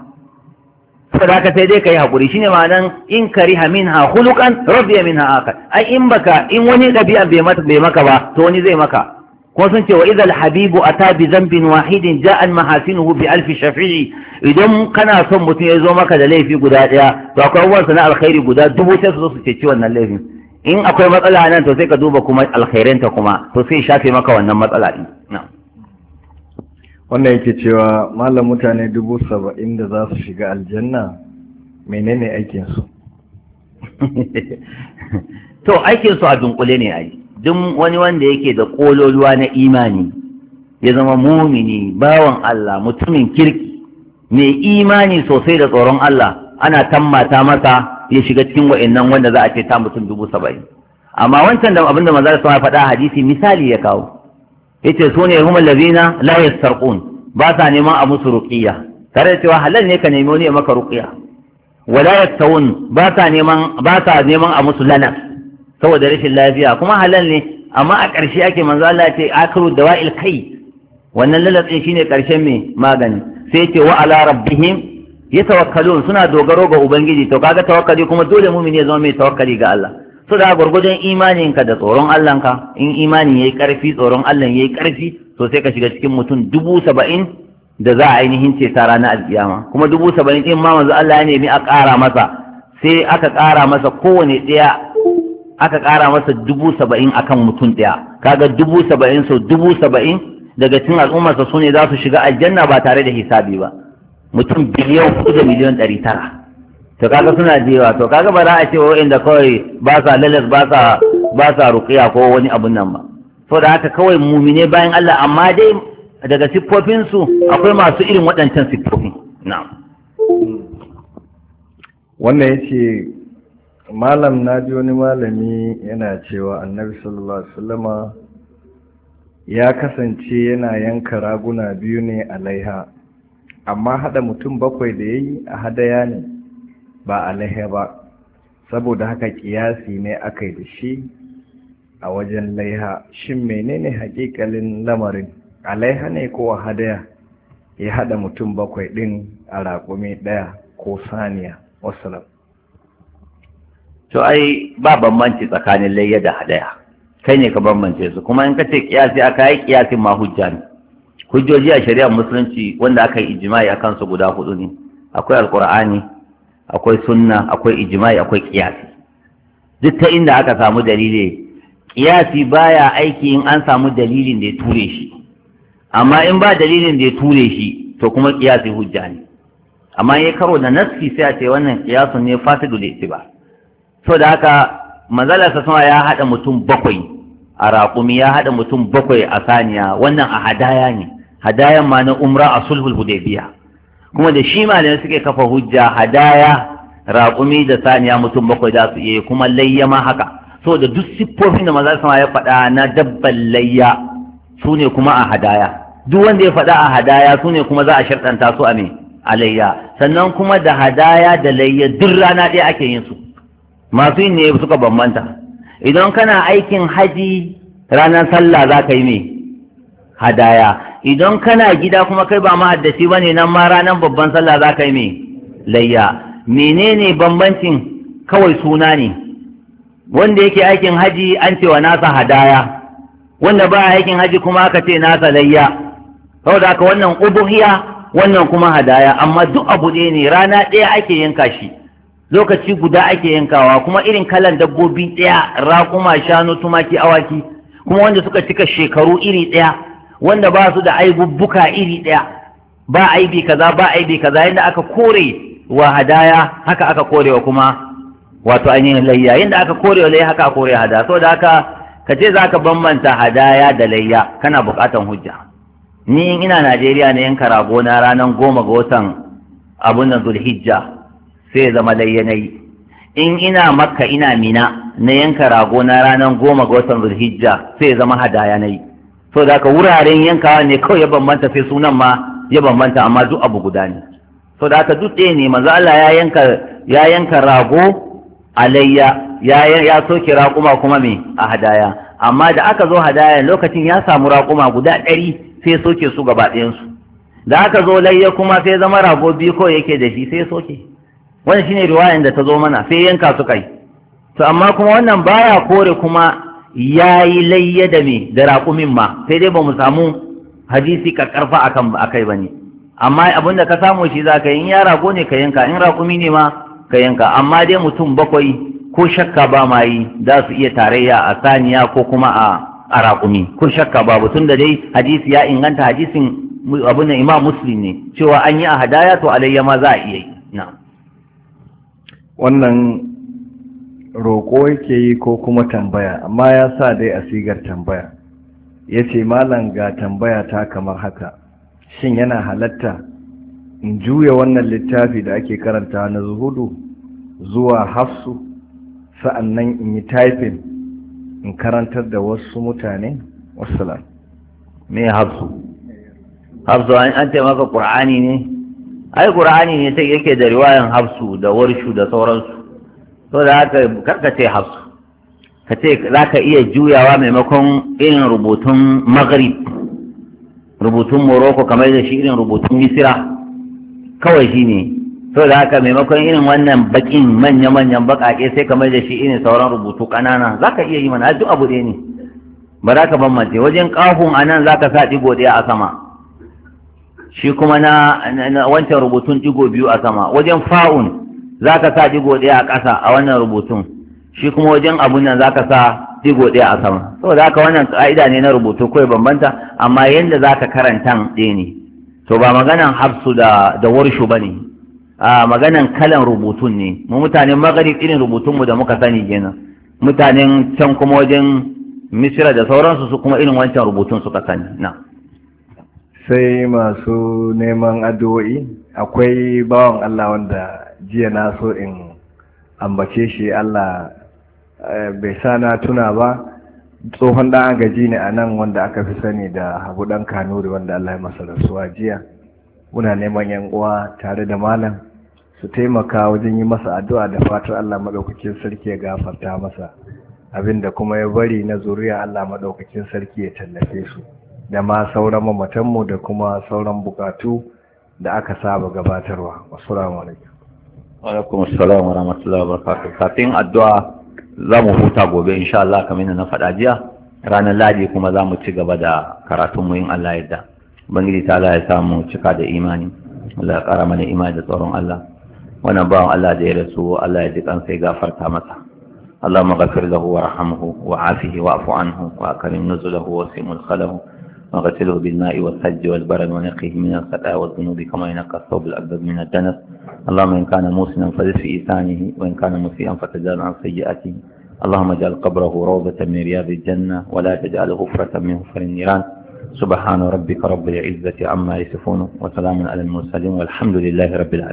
da haka sai dai ka yi haƙuri shine ma'anan in kari min ha hulukan ya min ha ai in baka in wani ɗabi'a bai maka ba to wani zai maka ko sun ce wa idal habibu ata bi zambin wahidin ja'an mahasinuhu bi alfi shafi'i idan kana son mutum ya zo maka da laifi guda daya to akwai abubuwan na alkhairi guda dubu sai su zo su ceci wannan laifin in akwai matsala nan to sai ka duba kuma ta kuma to sai shafe maka wannan matsala din wannan yake cewa malam mutane dubu saba'in da za su shiga aljanna menene aikinsu to aikinsu a dunkule ne ai duk wani wanda yake da kololuwa na imani ya zama mumini bawan Allah mutumin kirki mai imani sosai da tsoron Allah ana tammata masa ya shiga cikin wa'annan wanda za a ce ta mutum dubu saba'in amma wancan da abinda maza Allah ya faɗa hadisi misali ya kawo yace su ne humul ladina la yastarqun ba sa neman a musu ruqiyya tare da cewa halal ne ka nemi wani ya maka ruqiyya wala yastawun ba sa neman ba sa neman a musu lanas saboda rashin lafiya kuma halal ne amma a ƙarshe ake manzo Allah ce akru dawa'il kai wannan lalatsin shine ƙarshen mai magani sai ce wa ala rabbihim yatawakkalun suna dogaro ga ubangiji to kaga tawakkali kuma dole mu'mini ya zama mai tawakkali ga Allah so da gurgurdan imaninka da tsoron ka in imani yayi ƙarfi tsoron Allah yayi ƙarfi to sai ka shiga cikin mutum dubu saba'in da za a ainihin ce ta ranar alkiyama kuma dubu saba'in din ma manzo Allah ya nemi a ƙara masa sai aka ƙara masa kowane ɗaya aka ƙara masa dubu saba'in akan mutum ɗaya kaga dubu saba'in sau dubu saba'in daga cikin al'ummarsa su ne za su shiga aljanna ba tare da hisabi ba mutum biliyan ko da miliyan ɗari tara to kaga suna jewa to kaga ba za a ce da kawai ba sa lalas ba sa ba sa ruqiya ko wani abun nan ba to da haka kawai mumine bayan Allah amma dai daga siffofinsu akwai masu irin waɗancan siffofin na'am wannan yace malam na ji wani malami yana cewa annabi sallallahu alaihi wasallama ya kasance yana yanka raguna biyu ne a laiha amma hada mutum bakwai da yayi yi a hadaya ne ba a laiha ba saboda haka kiyasi ne aka yi da shi a wajen laiha shin menene hakikalin lamarin alaiha ne ko a hadaya ya hada mutum bakwai din a raƙumi ɗaya ko saniya wasu to ai ba bambanci tsakanin layya da hadaya kai ne ka bambance su kuma in ka ce kiyasi aka yi kiyasin ma hujja ne hujjoji a shari'ar musulunci wanda aka yi ijima'i a kansu guda hudu ne akwai alkur'ani akwai sunna akwai ijima'i, akwai kiyasi duk ta inda aka samu dalili kiyasi baya aiki in an samu dalilin da ya ture shi amma in ba dalilin da ya ture shi to kuma kiyasi hujja ne amma ya karo da nassi sai a ce wannan kiyasun ne da ittiba so da haka manzala sama ya haɗa mutum bakwai a raƙumi ya haɗa mutum bakwai a saniya wannan a hadaya ne hadayan ma na umra a sulhul hudaybiya kuma da shi malamai suke kafa hujja hadaya raƙumi da saniya mutum bakwai za su iya kuma layya ma haka so da duk siffofin da maza sama ya faɗa na dabban layya su ne kuma a hadaya duk wanda ya faɗa a hadaya su ne kuma za a sharɗanta su a me a layya sannan kuma da hadaya da layya duk rana ɗaya ake yin su masu yin ne suka bambanta idan kana aikin haji ranar sallah za ka yi me hadaya idan kana gida kuma kai ba ma'addaci ba ne nan ma ranar babban sallah za ka yi me layya menene bambancin kawai suna ne wanda yake aikin haji an cewa nasa hadaya wanda ba aikin haji kuma aka ce nasa layya saboda haka wannan ubuhiya wannan kuma hadaya amma duk abu ne rana ɗaya ake yanka shi lokaci guda ake yankawa kuma irin kalan dabbobi ɗaya raƙuma shanu tumaki awaki kuma wanda suka cika shekaru iri ɗaya wanda ba su da aibubbuka iri ɗaya ba aibi kaza ba aibi kaza yadda aka kore wa hadaya haka aka kore wa kuma wato ainihin layya yadda aka kore wa layya haka kore hadaya saboda haka ka ce za ka bambanta hadaya da layya kana buƙatan hujja ni ina Najeriya ne yanka rago na ranar goma ga watan abun nan zulhijja sai zama layya na in ina makka ina mina na yanka rago na ranar goma ga watan zulhijja sai zama hadaya na yi so da ka wuraren yanka ne kawai ya bambanta sai sunan ma ya bambanta amma duk abu guda ne so da ka duk ɗaya ne manzo Allah ya yanka ya yanka rago alayya ya ya soke raƙuma kuma me a hadaya amma da aka zo hadaya lokacin ya samu raƙuma guda ɗari sai soke su gaba su. da aka zo layya kuma sai zama rago biyu kawai yake da shi sai soke wannan shine riwayan da ta zo mana sai yanka su kai to amma kuma wannan baya kore kuma yayi layya da me da raƙumin ma sai dai ba samu hadisi ka karfa akan akai bane amma abin da ka samu shi zaka yi in ya rago ne ka yanka in raƙumi ne ma ka yanka amma dai mutum bakwai ko shakka ba ma yi za su iya tarayya a saniya ko kuma a a raƙumi ko shakka babu tun da dai hadisi ya inganta hadisin abin da imam muslim ne cewa an yi a hadaya to alayya ma za a iya yi na'am wannan roƙo yake yi ko kuma tambaya amma ya sa dai a sigar tambaya ya ce malam ga tambaya ta kamar haka shin yana halatta in juya wannan littafi da ake karanta na zuhudu zuwa hafsu sa'annan in yi taifin in karantar da wasu mutane wasu me hafsu hafsu an taimaka ƙur'ani ne ai qur'ani ne sai yake da riwayan hafsu da warshu da sauransu to da haka karka ce hafsu ka ce za ka iya juyawa maimakon irin rubutun maghrib rubutun morocco kamar da shi irin rubutun misira kawai shi ne to da haka maimakon irin wannan bakin manya-manyan bakake sai kamar da shi irin sauran rubutu ƙanana za ka iya yi mana duk abu ɗaya ne ba za ka bambance wajen kafun a nan za ka sa ɗigo ɗaya a sama shi kuma na wancan rubutun digo biyu a sama wajen fa'un za ka sa digo ɗaya a ƙasa a wannan rubutun shi kuma wajen abun nan za ka sa digo ɗaya a sama saboda haka wannan ƙa'ida ne na rubutu kawai bambanta amma yadda za ka karanta ɗaya ne to ba maganan hafsu da da warshu ba ne a maganan kalan rubutun ne mu mutanen magharib irin rubutunmu da muka sani kenan mutanen can kuma wajen misira da sauransu su kuma irin wancan rubutun suka sani na sai masu neman addu'o'i akwai bawan Allah wanda jiya na so in ambace shi Allah eh, bai sa na tuna ba tsohon ɗan agaji ne a nan wanda aka fi sani da hagu ɗan kanuri wanda Allah ya masa rasuwa jiya muna neman yan uwa tare da malam su taimaka wajen yi masa addu'a da fatar Allah maɗaukakin sarki ya gafarta masa abinda kuma ya bari na zuriya Allah maɗaukakin sarki ya tallafe su da ma sauran mamatanmu da kuma sauran bukatu da aka saba gabatarwa assalamu alaikum alaikum assalam wa rahmatullahi wa kafin addu'a za mu huta gobe insha Allah kamar na faɗa jiya ranar ladi kuma za mu ci gaba da karatun mu in Allah yadda Bangiji ta Allah ya samu cika da imani Allah ya ƙara mana imani da tsoron Allah wannan bawan Allah da ya rasu Allah ya ji kansa ya gafarta masa wa afihi wa وارحمه wa واعف عنه واكرم نزله واسم خله وغسله بالماء والثلج والبرد ونقيه من الخطأ والذنوب كما ينقى الثوب الأبد من الدنس اللهم إن كان موسنا فزد في إيثانه وإن كان مسيئا فتجال عن سيئاته اللهم اجعل قبره روضة من رياض الجنة ولا تجعل غفرة من غفر النيران سبحان ربك رب العزة عما يصفون وسلام على المرسلين والحمد لله رب العالمين